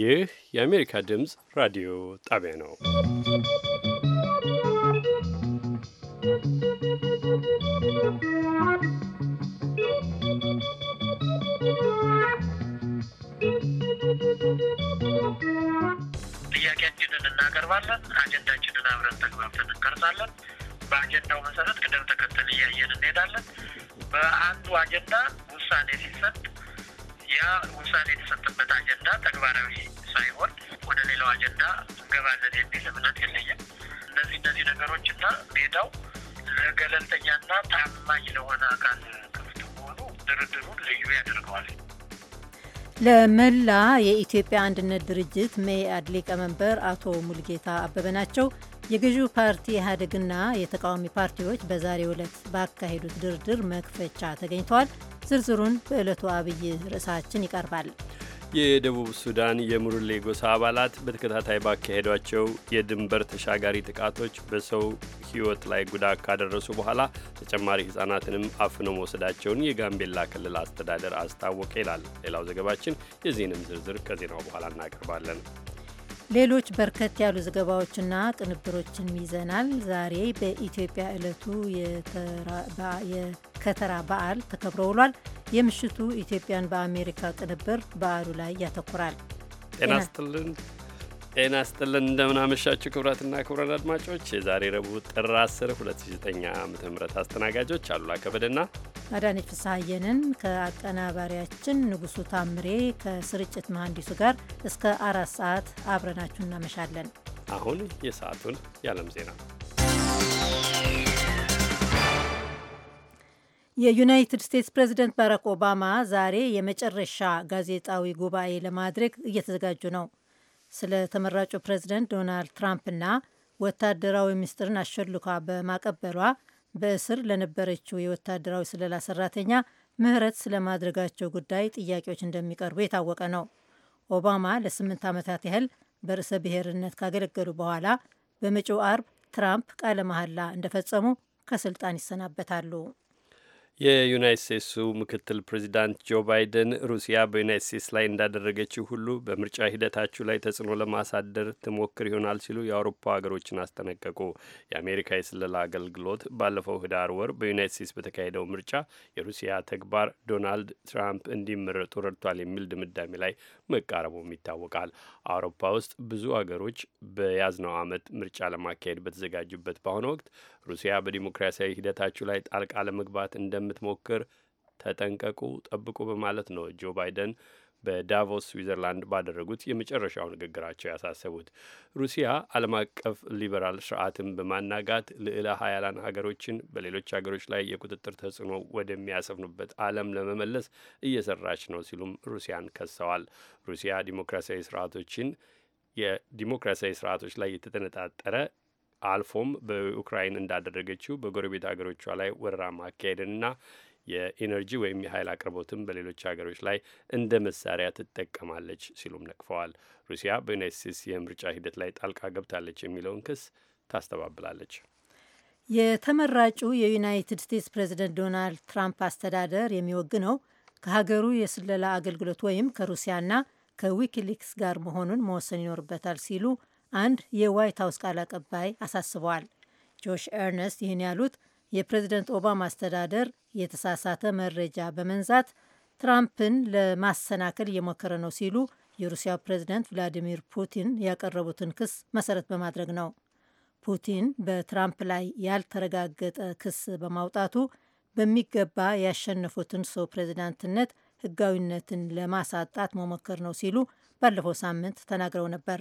ይህ የአሜሪካ ድምፅ ራዲዮ ጣቢያ ነው። ጥያቄያችንን እናቀርባለን። አጀንዳችንን አብረን ተግባብተን እንቀርጻለን። በአጀንዳው መሰረት ቅደም ተከተል እያየን እንሄዳለን። በአንዱ አጀንዳ ውሳኔ ሲሰጥ ያ ውሳኔ የተሰጠበት አጀንዳ ተግባራዊ ሳይሆን ወደ ሌላው አጀንዳ እንገባለን የሚል እምነት የለየም። እነዚህ እነዚህ ነገሮች እና ሜዳው ለገለልተኛና ታማኝ ለሆነ አካል ክፍት መሆኑ ድርድሩን ልዩ ያደርገዋል። ለመላ የኢትዮጵያ አንድነት ድርጅት መኢአድ ሊቀመንበር አቶ ሙልጌታ አበበ ናቸው። የገዢው ፓርቲ ኢህአዴግና የተቃዋሚ ፓርቲዎች በዛሬው ዕለት ባካሄዱት ድርድር መክፈቻ ተገኝተዋል። ዝርዝሩን በዕለቱ አብይ ርዕሳችን ይቀርባል። የደቡብ ሱዳን የሙርሌ ጎሳ አባላት በተከታታይ ባካሄዷቸው የድንበር ተሻጋሪ ጥቃቶች በሰው ሕይወት ላይ ጉዳት ካደረሱ በኋላ ተጨማሪ ሕጻናትንም አፍኖ መውሰዳቸውን የጋምቤላ ክልል አስተዳደር አስታወቀ ይላል ሌላው ዘገባችን። የዚህንም ዝርዝር ከዜናው በኋላ እናቀርባለን። ሌሎች በርከት ያሉ ዘገባዎችና ቅንብሮችን ይዘናል። ዛሬ በኢትዮጵያ ዕለቱ የከተራ በዓል ተከብሮ ውሏል። የምሽቱ ኢትዮጵያን በአሜሪካ ቅንብር በዓሉ ላይ ያተኩራል። ጤና ጤና ስጥልን እንደምናመሻችሁ ክብረትና ክብረን አድማጮች የዛሬ ረቡዕ ጥር 10 2009 ዓ ም አስተናጋጆች አሉላ ከበደና አዳነች ፍስሐየንን ከአቀናባሪያችን ንጉሱ ታምሬ ከስርጭት መሐንዲሱ ጋር እስከ አራት ሰዓት አብረናችሁ እናመሻለን። አሁን የሰዓቱን የዓለም ዜና የዩናይትድ ስቴትስ ፕሬዚደንት ባራክ ኦባማ ዛሬ የመጨረሻ ጋዜጣዊ ጉባኤ ለማድረግ እየተዘጋጁ ነው። ስለ ተመራጩ ፕሬዚደንት ዶናልድ ትራምፕና ወታደራዊ ምስጢርን አሸልኳ በማቀበሏ በእስር ለነበረችው የወታደራዊ ስለላ ሰራተኛ ምህረት ስለማድረጋቸው ጉዳይ ጥያቄዎች እንደሚቀርቡ የታወቀ ነው። ኦባማ ለስምንት ዓመታት ያህል በርዕሰ ብሔርነት ካገለገሉ በኋላ በመጪው አርብ ትራምፕ ቃለ መሐላ እንደፈጸሙ ከስልጣን ይሰናበታሉ። የዩናይት ስቴትሱ ምክትል ፕሬዚዳንት ጆ ባይደን ሩሲያ በዩናይት ስቴትስ ላይ እንዳደረገችው ሁሉ በምርጫ ሂደታችሁ ላይ ተጽዕኖ ለማሳደር ትሞክር ይሆናል ሲሉ የአውሮፓ ሀገሮችን አስጠነቀቁ። የአሜሪካ የስለላ አገልግሎት ባለፈው ህዳር ወር በዩናይት ስቴትስ በተካሄደው ምርጫ የሩሲያ ተግባር ዶናልድ ትራምፕ እንዲመረጡ ረድቷል የሚል ድምዳሜ ላይ መቃረቡም ይታወቃል። አውሮፓ ውስጥ ብዙ ሀገሮች በያዝነው ዓመት ምርጫ ለማካሄድ በተዘጋጁበት በአሁኑ ወቅት ሩሲያ በዲሞክራሲያዊ ሂደታችሁ ላይ ጣልቃ ለመግባት እንደም እንደምትሞክር ተጠንቀቁ፣ ጠብቁ በማለት ነው ጆ ባይደን በዳቮስ ስዊዘርላንድ ባደረጉት የመጨረሻው ንግግራቸው ያሳሰቡት። ሩሲያ ዓለም አቀፍ ሊበራል ስርዓትን በማናጋት ልዕለ ሀያላን ሀገሮችን በሌሎች ሀገሮች ላይ የቁጥጥር ተጽዕኖ ወደሚያሰፍኑበት ዓለም ለመመለስ እየሰራች ነው ሲሉም ሩሲያን ከሰዋል። ሩሲያ ዲሞክራሲያዊ ስርዓቶችን የዲሞክራሲያዊ ስርዓቶች ላይ የተጠነጣጠረ አልፎም በዩክራይን እንዳደረገችው በጎረቤት ሀገሮቿ ላይ ወረራ ማካሄድንና የኢነርጂ ወይም የኃይል አቅርቦትን በሌሎች ሀገሮች ላይ እንደ መሳሪያ ትጠቀማለች ሲሉም ነቅፈዋል። ሩሲያ በዩናይት ስቴትስ የምርጫ ሂደት ላይ ጣልቃ ገብታለች የሚለውን ክስ ታስተባብላለች። የተመራጩ የዩናይትድ ስቴትስ ፕሬዚደንት ዶናልድ ትራምፕ አስተዳደር የሚወግነው ከሀገሩ የስለላ አገልግሎት ወይም ከሩሲያና ከዊኪሊክስ ጋር መሆኑን መወሰን ይኖርበታል ሲሉ አንድ የዋይት ሀውስ ቃል አቀባይ አሳስበዋል። ጆሽ ኤርነስት ይህን ያሉት የፕሬዝደንት ኦባማ አስተዳደር የተሳሳተ መረጃ በመንዛት ትራምፕን ለማሰናከል እየሞከረ ነው ሲሉ የሩሲያው ፕሬዝደንት ቭላዲሚር ፑቲን ያቀረቡትን ክስ መሰረት በማድረግ ነው። ፑቲን በትራምፕ ላይ ያልተረጋገጠ ክስ በማውጣቱ በሚገባ ያሸነፉትን ሰው ፕሬዝዳንትነት ህጋዊነትን ለማሳጣት መሞከር ነው ሲሉ ባለፈው ሳምንት ተናግረው ነበር።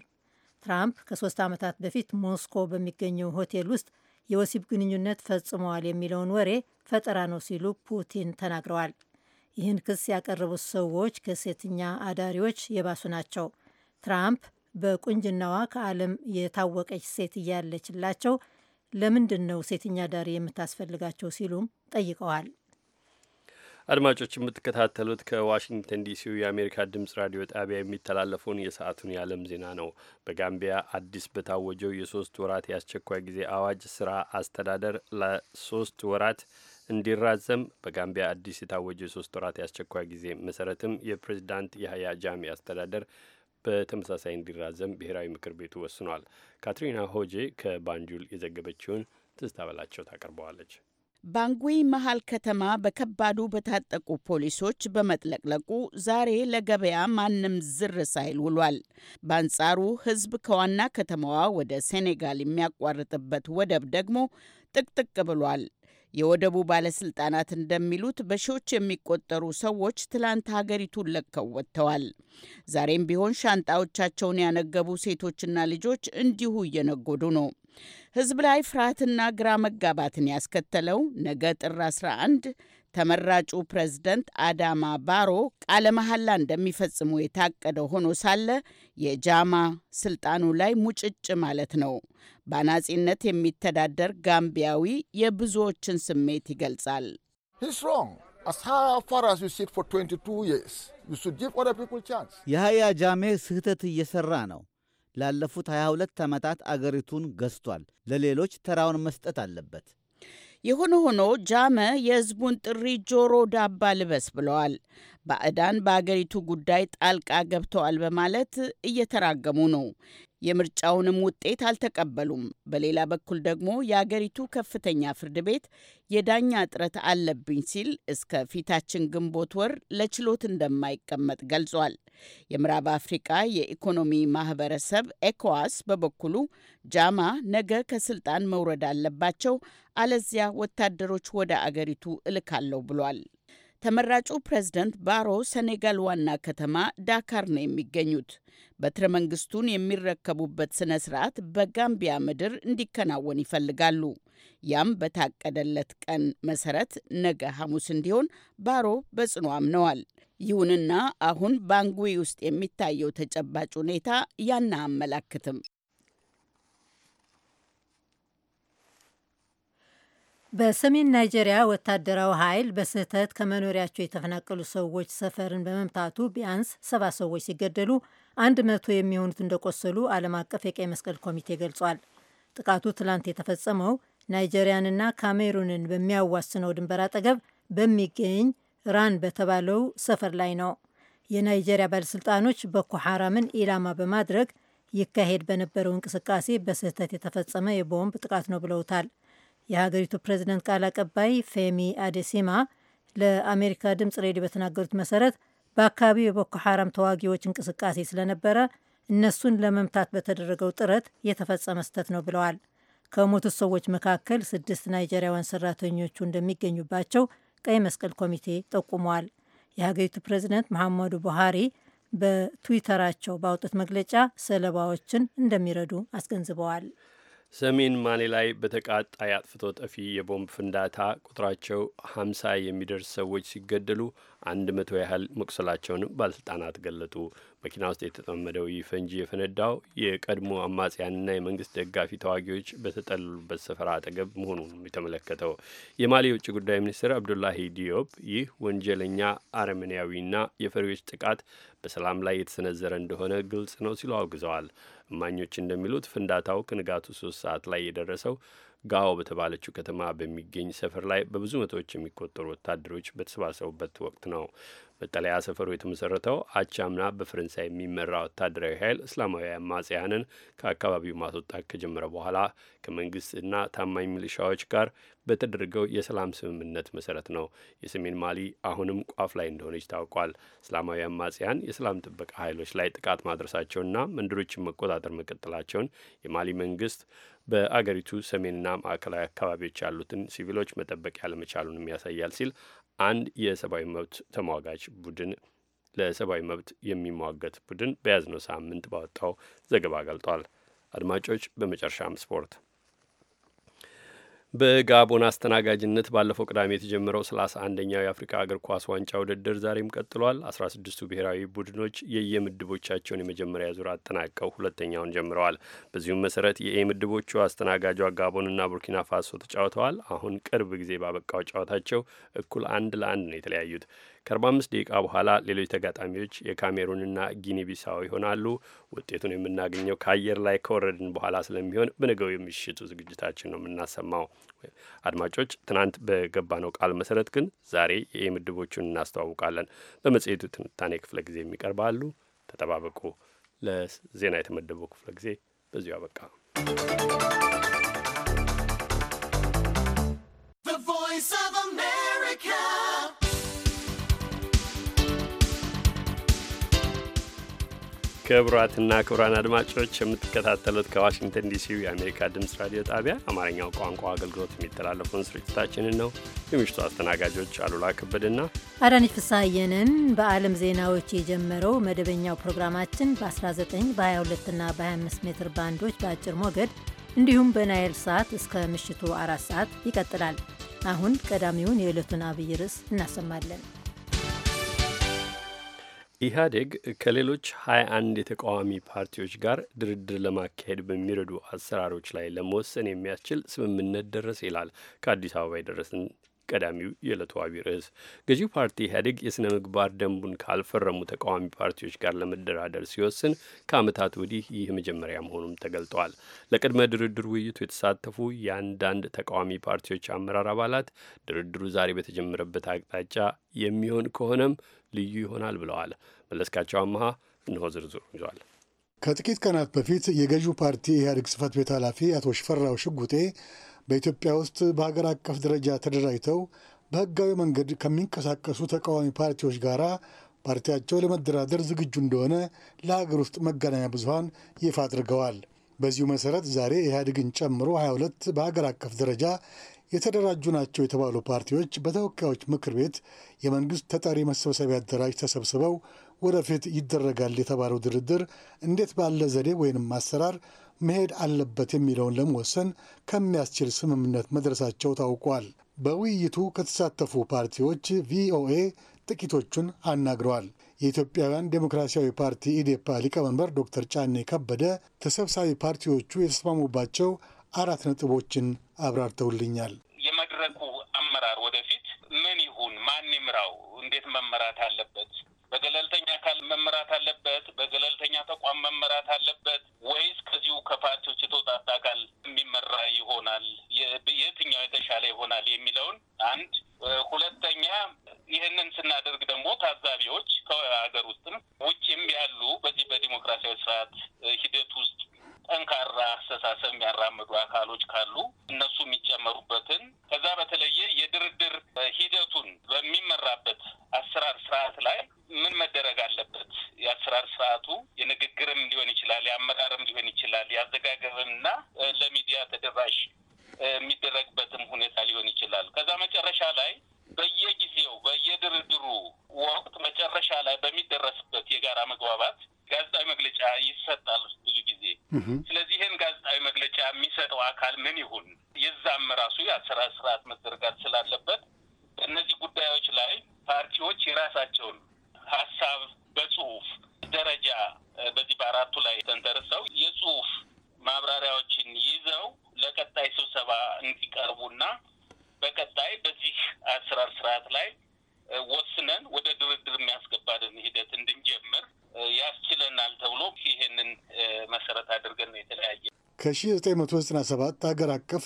ትራምፕ ከሶስት ዓመታት በፊት ሞስኮ በሚገኘው ሆቴል ውስጥ የወሲብ ግንኙነት ፈጽመዋል የሚለውን ወሬ ፈጠራ ነው ሲሉ ፑቲን ተናግረዋል። ይህን ክስ ያቀረቡት ሰዎች ከሴተኛ አዳሪዎች የባሱ ናቸው። ትራምፕ በቁንጅናዋ ከዓለም የታወቀች ሴት እያለችላቸው ለምንድን ነው ሴተኛ አዳሪ የምታስፈልጋቸው ሲሉም ጠይቀዋል። አድማጮች የምትከታተሉት ከዋሽንግተን ዲሲው የአሜሪካ ድምጽ ራዲዮ ጣቢያ የሚተላለፈውን የሰዓቱን የዓለም ዜና ነው። በጋምቢያ አዲስ በታወጀው የሶስት ወራት የአስቸኳይ ጊዜ አዋጅ ስራ አስተዳደር ለሶስት ወራት እንዲራዘም በጋምቢያ አዲስ የታወጀው የሶስት ወራት የአስቸኳይ ጊዜ መሰረትም የፕሬዚዳንት የሀያ ጃሚ አስተዳደር በተመሳሳይ እንዲራዘም ብሔራዊ ምክር ቤቱ ወስኗል። ካትሪና ሆጄ ከባንጁል የዘገበችውን ትዝታ በላቸው ታቀርበዋለች። ባንጉይ መሀል ከተማ በከባዱ በታጠቁ ፖሊሶች በመጥለቅለቁ ዛሬ ለገበያ ማንም ዝር ሳይል ውሏል። በአንጻሩ ሕዝብ ከዋና ከተማዋ ወደ ሴኔጋል የሚያቋርጥበት ወደብ ደግሞ ጥቅጥቅ ብሏል። የወደቡ ባለስልጣናት እንደሚሉት በሺዎች የሚቆጠሩ ሰዎች ትላንት ሀገሪቱን ለቀው ወጥተዋል። ዛሬም ቢሆን ሻንጣዎቻቸውን ያነገቡ ሴቶችና ልጆች እንዲሁ እየነጎዱ ነው። ህዝብ ላይ ፍርሃትና ግራ መጋባትን ያስከተለው ነገ ጥር 11 ተመራጩ ፕሬዝደንት አዳማ ባሮ ቃለ መሐላ እንደሚፈጽሙ የታቀደ ሆኖ ሳለ የጃማ ስልጣኑ ላይ ሙጭጭ ማለት ነው። በአናጺነት የሚተዳደር ጋምቢያዊ የብዙዎችን ስሜት ይገልጻል። የሀያ ጃሜ ስህተት እየሠራ ነው። ላለፉት 22 ዓመታት አገሪቱን ገዝቷል። ለሌሎች ተራውን መስጠት አለበት። የሆነ ሆኖ ጃመ የህዝቡን ጥሪ ጆሮ ዳባ ልበስ ብለዋል። ባዕዳን በአገሪቱ ጉዳይ ጣልቃ ገብተዋል በማለት እየተራገሙ ነው። የምርጫውንም ውጤት አልተቀበሉም። በሌላ በኩል ደግሞ የአገሪቱ ከፍተኛ ፍርድ ቤት የዳኛ እጥረት አለብኝ ሲል እስከ ፊታችን ግንቦት ወር ለችሎት እንደማይቀመጥ ገልጿል። የምዕራብ አፍሪቃ የኢኮኖሚ ማህበረሰብ ኤኮዋስ በበኩሉ ጃማ ነገ ከስልጣን መውረድ አለባቸው፣ አለዚያ ወታደሮች ወደ አገሪቱ እልካለሁ ብሏል። ተመራጩ ፕሬዝደንት ባሮ ሰኔጋል ዋና ከተማ ዳካር ነው የሚገኙት። በትረ መንግስቱን የሚረከቡበት ስነ ስርዓት በጋምቢያ ምድር እንዲከናወን ይፈልጋሉ። ያም በታቀደለት ቀን መሰረት ነገ ሐሙስ እንዲሆን ባሮ በጽኑ አምነዋል። ይሁንና አሁን ባንጉዊ ውስጥ የሚታየው ተጨባጭ ሁኔታ ያን አያመላክትም። በሰሜን ናይጄሪያ ወታደራዊ ኃይል በስህተት ከመኖሪያቸው የተፈናቀሉ ሰዎች ሰፈርን በመምታቱ ቢያንስ ሰባ ሰዎች ሲገደሉ አንድ መቶ የሚሆኑት እንደቆሰሉ ዓለም አቀፍ የቀይ መስቀል ኮሚቴ ገልጿል። ጥቃቱ ትላንት የተፈጸመው ናይጄሪያንና ካሜሩንን በሚያዋስነው ድንበር አጠገብ በሚገኝ ራን በተባለው ሰፈር ላይ ነው። የናይጄሪያ ባለሥልጣኖች ቦኮ ሐራምን ኢላማ በማድረግ ይካሄድ በነበረው እንቅስቃሴ በስህተት የተፈጸመ የቦምብ ጥቃት ነው ብለውታል። የሀገሪቱ ፕሬዚደንት ቃል አቀባይ ፌሚ አዴሲማ ለአሜሪካ ድምፅ ሬዲዮ በተናገሩት መሰረት በአካባቢው የቦኮ ሐራም ተዋጊዎች እንቅስቃሴ ስለነበረ እነሱን ለመምታት በተደረገው ጥረት የተፈጸመ ስህተት ነው ብለዋል። ከሞቱት ሰዎች መካከል ስድስት ናይጀሪያውያን ሰራተኞቹ እንደሚገኙባቸው ቀይ መስቀል ኮሚቴ ጠቁመዋል። የሀገሪቱ ፕሬዚደንት መሐመዱ ቡሃሪ በትዊተራቸው ባወጡት መግለጫ ሰለባዎችን እንደሚረዱ አስገንዝበዋል። ሰሜን ማሊ ላይ በተቃጣይ አጥፍቶ ጠፊ የቦምብ ፍንዳታ ቁጥራቸው ሀምሳ የሚደርስ ሰዎች ሲገደሉ አንድ መቶ ያህል መቁሰላቸውን ባለስልጣናት ገለጡ። መኪና ውስጥ የተጠመደው ይህ ፈንጂ የፈነዳው የቀድሞ አማጽያንና የመንግስት ደጋፊ ተዋጊዎች በተጠለሉበት ሰፈራ አጠገብ መሆኑን የተመለከተው የማሌ የውጭ ጉዳይ ሚኒስትር አብዱላሂ ዲዮብ ይህ ወንጀለኛ አረመኔያዊና የፈሪዎች ጥቃት በሰላም ላይ የተሰነዘረ እንደሆነ ግልጽ ነው ሲሉ አውግዘዋል። እማኞች እንደሚሉት ፍንዳታው ከንጋቱ ሶስት ሰዓት ላይ የደረሰው ጋዎ በተባለችው ከተማ በሚገኝ ሰፈር ላይ በብዙ መቶዎች የሚቆጠሩ ወታደሮች በተሰባሰቡበት ወቅት ነው። መጠለያ ሰፈሩ የተመሰረተው አቻምና በፈረንሳይ የሚመራ ወታደራዊ ኃይል እስላማዊ አማጽያንን ከአካባቢው ማስወጣት ከጀመረ በኋላ ከመንግስትና ታማኝ ሚሊሻዎች ጋር በተደረገው የሰላም ስምምነት መሰረት ነው። የሰሜን ማሊ አሁንም ቋፍ ላይ እንደሆነች ታውቋል። እስላማዊ አማጽያን የሰላም ጥበቃ ኃይሎች ላይ ጥቃት ማድረሳቸውና መንደሮችን መቆጣጠር መቀጠላቸውን የማሊ መንግስት በአገሪቱ ሰሜንና ማዕከላዊ አካባቢዎች ያሉትን ሲቪሎች መጠበቅ ያለመቻሉንም ያሳያል ሲል አንድ የሰብአዊ መብት ተሟጋች ቡድን ለሰብአዊ መብት የሚሟገት ቡድን በያዝነው ሳምንት ባወጣው ዘገባ ገልጧል። አድማጮች፣ በመጨረሻም ስፖርት በጋቦን አስተናጋጅነት ባለፈው ቅዳሜ የተጀመረው ሰላሳ አንደኛው የአፍሪካ እግር ኳስ ዋንጫ ውድድር ዛሬም ቀጥሏል። አስራ ስድስቱ ብሔራዊ ቡድኖች የየምድቦቻቸውን የመጀመሪያ ዙር አጠናቀው ሁለተኛውን ጀምረዋል። በዚሁም መሰረት የኤ ምድቦቹ አስተናጋጇ ጋቦንና ቡርኪና ፋሶ ተጫውተዋል። አሁን ቅርብ ጊዜ ባበቃው ጨዋታቸው እኩል አንድ ለአንድ ነው የተለያዩት። ከ45 ደቂቃ በኋላ ሌሎች ተጋጣሚዎች የካሜሩንና ጊኒ ቢሳው ይሆናሉ። ውጤቱን የምናገኘው ከአየር ላይ ከወረድን በኋላ ስለሚሆን በነገው የምሽቱ ዝግጅታችን ነው የምናሰማው። አድማጮች፣ ትናንት በገባነው ቃል መሰረት ግን ዛሬ የምድቦቹን እናስተዋውቃለን። በመጽሔቱ ትንታኔ ክፍለ ጊዜ የሚቀርባሉ። ተጠባበቁ። ለዜና የተመደበው ክፍለ ጊዜ በዚሁ አበቃ። ክቡራትና ክቡራን አድማጮች የምትከታተሉት ከዋሽንግተን ዲሲ የአሜሪካ ድምፅ ራዲዮ ጣቢያ አማርኛው ቋንቋ አገልግሎት የሚተላለፈውን ስርጭታችንን ነው። የምሽቱ አስተናጋጆች አሉላ ከበድና አዳነች ፍስሐየንን። በዓለም ዜናዎች የጀመረው መደበኛው ፕሮግራማችን በ19 በ22ና በ25 ሜትር ባንዶች በአጭር ሞገድ እንዲሁም በናይል ሰዓት እስከ ምሽቱ አራት ሰዓት ይቀጥላል። አሁን ቀዳሚውን የዕለቱን አብይ ርዕስ እናሰማለን። ኢህአዴግ ከሌሎች 21 የተቃዋሚ ፓርቲዎች ጋር ድርድር ለማካሄድ በሚረዱ አሰራሮች ላይ ለመወሰን የሚያስችል ስምምነት ደረሰ ይላል ከአዲስ አበባ የደረሰን ቀዳሚው የዕለቱ አቢይ ርዕስ ገዢው ፓርቲ ኢህአዴግ የሥነ ምግባር ደንቡን ካልፈረሙ ተቃዋሚ ፓርቲዎች ጋር ለመደራደር ሲወስን ከዓመታት ወዲህ ይህ መጀመሪያ መሆኑም ተገልጧል። ለቅድመ ድርድር ውይይቱ የተሳተፉ የአንዳንድ ተቃዋሚ ፓርቲዎች አመራር አባላት ድርድሩ ዛሬ በተጀመረበት አቅጣጫ የሚሆን ከሆነም ልዩ ይሆናል ብለዋል። መለስካቸው አመሃ እንሆ ዝርዝሩ ይዟል። ከጥቂት ቀናት በፊት የገዢው ፓርቲ ኢህአዴግ ጽህፈት ቤት ኃላፊ አቶ ሽፈራው ሽጉጤ በኢትዮጵያ ውስጥ በሀገር አቀፍ ደረጃ ተደራጅተው በህጋዊ መንገድ ከሚንቀሳቀሱ ተቃዋሚ ፓርቲዎች ጋር ፓርቲያቸው ለመደራደር ዝግጁ እንደሆነ ለሀገር ውስጥ መገናኛ ብዙሀን ይፋ አድርገዋል። በዚሁ መሰረት ዛሬ ኢህአዴግን ጨምሮ 22 በሀገር አቀፍ ደረጃ የተደራጁ ናቸው የተባሉ ፓርቲዎች በተወካዮች ምክር ቤት የመንግስት ተጠሪ መሰብሰቢያ አዳራሽ ተሰብስበው ወደፊት ይደረጋል የተባለው ድርድር እንዴት ባለ ዘዴ ወይንም አሰራር መሄድ አለበት የሚለውን ለመወሰን ከሚያስችል ስምምነት መድረሳቸው ታውቋል። በውይይቱ ከተሳተፉ ፓርቲዎች ቪኦኤ ጥቂቶቹን አናግረዋል። የኢትዮጵያውያን ዴሞክራሲያዊ ፓርቲ ኢዴፓ ሊቀመንበር ዶክተር ጫኔ ከበደ ተሰብሳቢ ፓርቲዎቹ የተስማሙባቸው አራት ነጥቦችን አብራርተውልኛል። የመድረኩ አመራር ወደፊት ምን ይሁን፣ ማን ይምራው፣ እንዴት መመራት አለበት በገለልተኛ አካል መመራት አለበት፣ በገለልተኛ ተቋም መመራት አለበት ወይስ ከዚሁ ከፓርቲዎች የተውጣጣ አካል የሚመራ ይሆናል? የትኛው የተሻለ ይሆናል የሚለውን አንድ። ሁለተኛ ይህንን ስናደርግ ደግሞ ታዛቢዎች ከሀገር ውስጥም ውጭም ያሉ በዚህ በዲሞክራሲያዊ ስርዓት ሂደት ውስጥ ጠንካራ አስተሳሰብ የሚያራምዱ አካሎች ካሉ እነሱ የሚጨመሩበትን ከዛ በተለየ የድርድር ሂደቱን በሚመራበት አሰራር ስርዓት ላይ ምን መደረግ አለበት? የአሰራር ስርዓቱ የንግግርም ሊሆን ይችላል፣ የአመራርም ሊሆን ይችላል፣ የአዘጋገብም እና ለሚዲያ ተደራሽ የሚደረግበትም ሁኔታ ሊሆን ይችላል። ከዛ መጨረሻ ላይ በየጊዜው በየድርድሩ ወቅት መጨረሻ ላይ በሚደረስበት የጋራ መግባባት ጋዜጣዊ መግለጫ ይሰጣል ብዙ ጊዜ። ስለዚህ ይህን ጋዜጣዊ መግለጫ የሚሰጠው አካል ምን ይሁን፣ የዛም ራሱ የአሰራር ስርዓት መዘርጋት ስላለበት በእነዚህ ጉዳዮች ላይ ፓርቲዎች የራሳቸውን ከ1997 አገር አቀፍ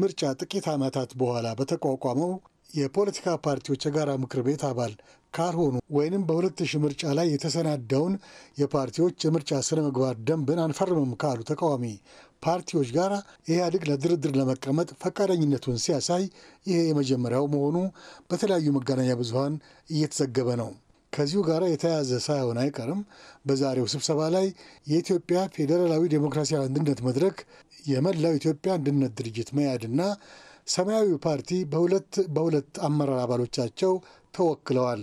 ምርጫ ጥቂት ዓመታት በኋላ በተቋቋመው የፖለቲካ ፓርቲዎች የጋራ ምክር ቤት አባል ካልሆኑ ወይንም በ2000 ምርጫ ላይ የተሰናዳውን የፓርቲዎች የምርጫ ስነ ምግባር ደንብን አንፈርምም ካሉ ተቃዋሚ ፓርቲዎች ጋር ኢህአዴግ ለድርድር ለመቀመጥ ፈቃደኝነቱን ሲያሳይ ይሄ የመጀመሪያው መሆኑ በተለያዩ መገናኛ ብዙኃን እየተዘገበ ነው። ከዚሁ ጋር የተያያዘ ሳይሆን አይቀርም በዛሬው ስብሰባ ላይ የኢትዮጵያ ፌዴራላዊ ዴሞክራሲያዊ አንድነት መድረክ፣ የመላው ኢትዮጵያ አንድነት ድርጅት መያድና ሰማያዊ ፓርቲ በሁለት በሁለት አመራር አባሎቻቸው ተወክለዋል።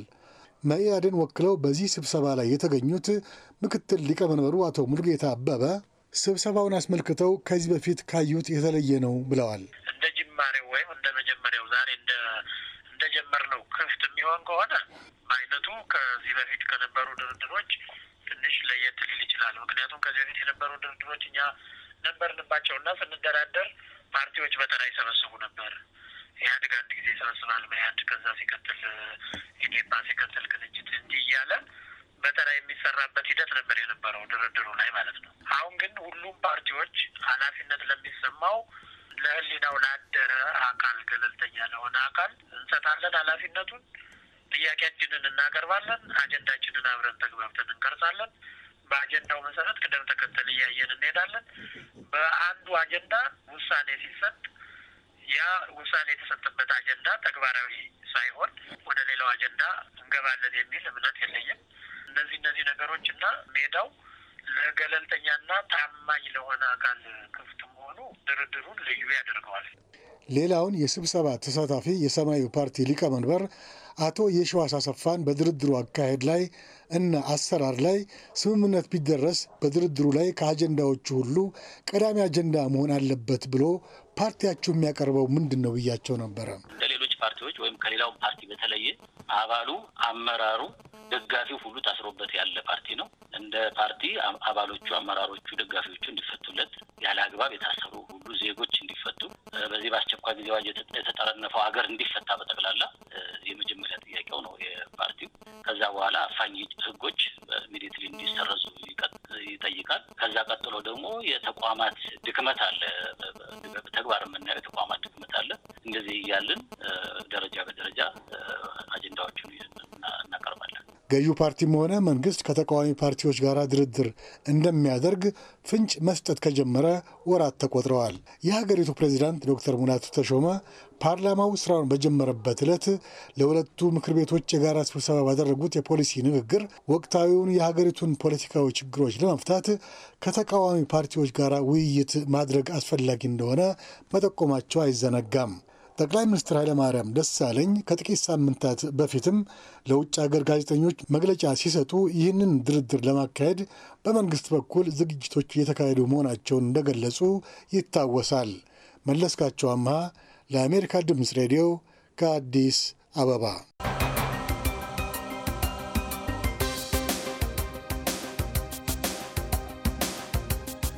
መኢአድን ወክለው በዚህ ስብሰባ ላይ የተገኙት ምክትል ሊቀመንበሩ አቶ ሙሉጌታ አበበ ስብሰባውን አስመልክተው ከዚህ በፊት ካዩት የተለየ ነው ብለዋል። እንደ ጅማሬው ወይም እንደ መጀመሪያው ዛሬ ጀመር ነው ክፍት የሚሆን ከሆነ አይነቱ ከዚህ በፊት ከነበሩ ድርድሮች ትንሽ ለየት ሊል ይችላል። ምክንያቱም ከዚህ በፊት የነበሩ ድርድሮች እኛ ነበርንባቸው እና ስንደራደር ፓርቲዎች በተራ ይሰበስቡ ነበር። ኢህአዴግ አንድ ጊዜ ይሰበስባል፣ መኢአድ ከዛ ሲቀጥል ኢዴፓ ሲቀጥል ቅንጅት፣ እንዲህ እያለ በተራ የሚሰራበት ሂደት ነበር የነበረው ድርድሩ ላይ ማለት ነው። አሁን ግን ሁሉም ፓርቲዎች ኃላፊነት ለሚሰማው ለህሊናው ላደረ አካል ገለልተኛ ለሆነ አካል እንሰጣለን ኃላፊነቱን ጥያቄ ሀሳባችንን እናቀርባለን። አጀንዳችንን አብረን ተግባብተን እንቀርጻለን። በአጀንዳው መሰረት ቅደም ተከተል እያየን እንሄዳለን። በአንዱ አጀንዳ ውሳኔ ሲሰጥ ያ ውሳኔ የተሰጠበት አጀንዳ ተግባራዊ ሳይሆን ወደ ሌላው አጀንዳ እንገባለን የሚል እምነት የለኝም። እነዚህ እነዚህ ነገሮች እና ሜዳው ለገለልተኛና ታማኝ ለሆነ አካል ክፍት መሆኑ ድርድሩን ልዩ ያደርገዋል። ሌላውን የስብሰባ ተሳታፊ የሰማያዊ ፓርቲ ሊቀመንበር አቶ የሸዋስ አሰፋን በድርድሩ አካሄድ ላይ እና አሰራር ላይ ስምምነት ቢደረስ በድርድሩ ላይ ከአጀንዳዎቹ ሁሉ ቀዳሚ አጀንዳ መሆን አለበት ብሎ ፓርቲያቸው የሚያቀርበው ምንድን ነው ብያቸው ነበረ። ከሌሎች ፓርቲዎች ወይም ከሌላው ፓርቲ በተለየ አባሉ፣ አመራሩ፣ ደጋፊው ሁሉ ታስሮበት ያለ ፓርቲ ነው። እንደ ፓርቲ አባሎቹ፣ አመራሮቹ፣ ደጋፊዎቹ እንዲፈቱለት ያለ አግባብ የታሰሩ ሁሉ ዜጎች እንዲፈቱ በዚህ በአስቸኳይ ጊዜ አዋጅ የተጠረነፈው ሀገር እንዲፈታ በጠቅላላ የመጀመሪያ ጥያቄው ነው የፓርቲው። ከዛ በኋላ አፋኝ ህጎች ሚዲትሊ እንዲሰረዙ ይጠይቃል። ከዛ ቀጥሎ ደግሞ የተቋማት ድክመት አለ፣ በተግባር የምናየው የተቋማት ድክመት አለ። እንደዚህ እያልን ደረጃ በደረጃ ጉዳዮችን እናቀርባለን። ገዢው ፓርቲም ሆነ መንግስት ከተቃዋሚ ፓርቲዎች ጋር ድርድር እንደሚያደርግ ፍንጭ መስጠት ከጀመረ ወራት ተቆጥረዋል። የሀገሪቱ ፕሬዚዳንት ዶክተር ሙላቱ ተሾመ ፓርላማው ስራውን በጀመረበት ዕለት ለሁለቱ ምክር ቤቶች የጋራ ስብሰባ ባደረጉት የፖሊሲ ንግግር ወቅታዊውን የሀገሪቱን ፖለቲካዊ ችግሮች ለመፍታት ከተቃዋሚ ፓርቲዎች ጋር ውይይት ማድረግ አስፈላጊ እንደሆነ መጠቆማቸው አይዘነጋም። ጠቅላይ ሚኒስትር ኃይለማርያም ደሳለኝ ከጥቂት ሳምንታት በፊትም ለውጭ ሀገር ጋዜጠኞች መግለጫ ሲሰጡ ይህንን ድርድር ለማካሄድ በመንግስት በኩል ዝግጅቶች እየተካሄዱ መሆናቸውን እንደገለጹ ይታወሳል። መለስካቸው አምሃ ለአሜሪካ ድምፅ ሬዲዮ ከአዲስ አበባ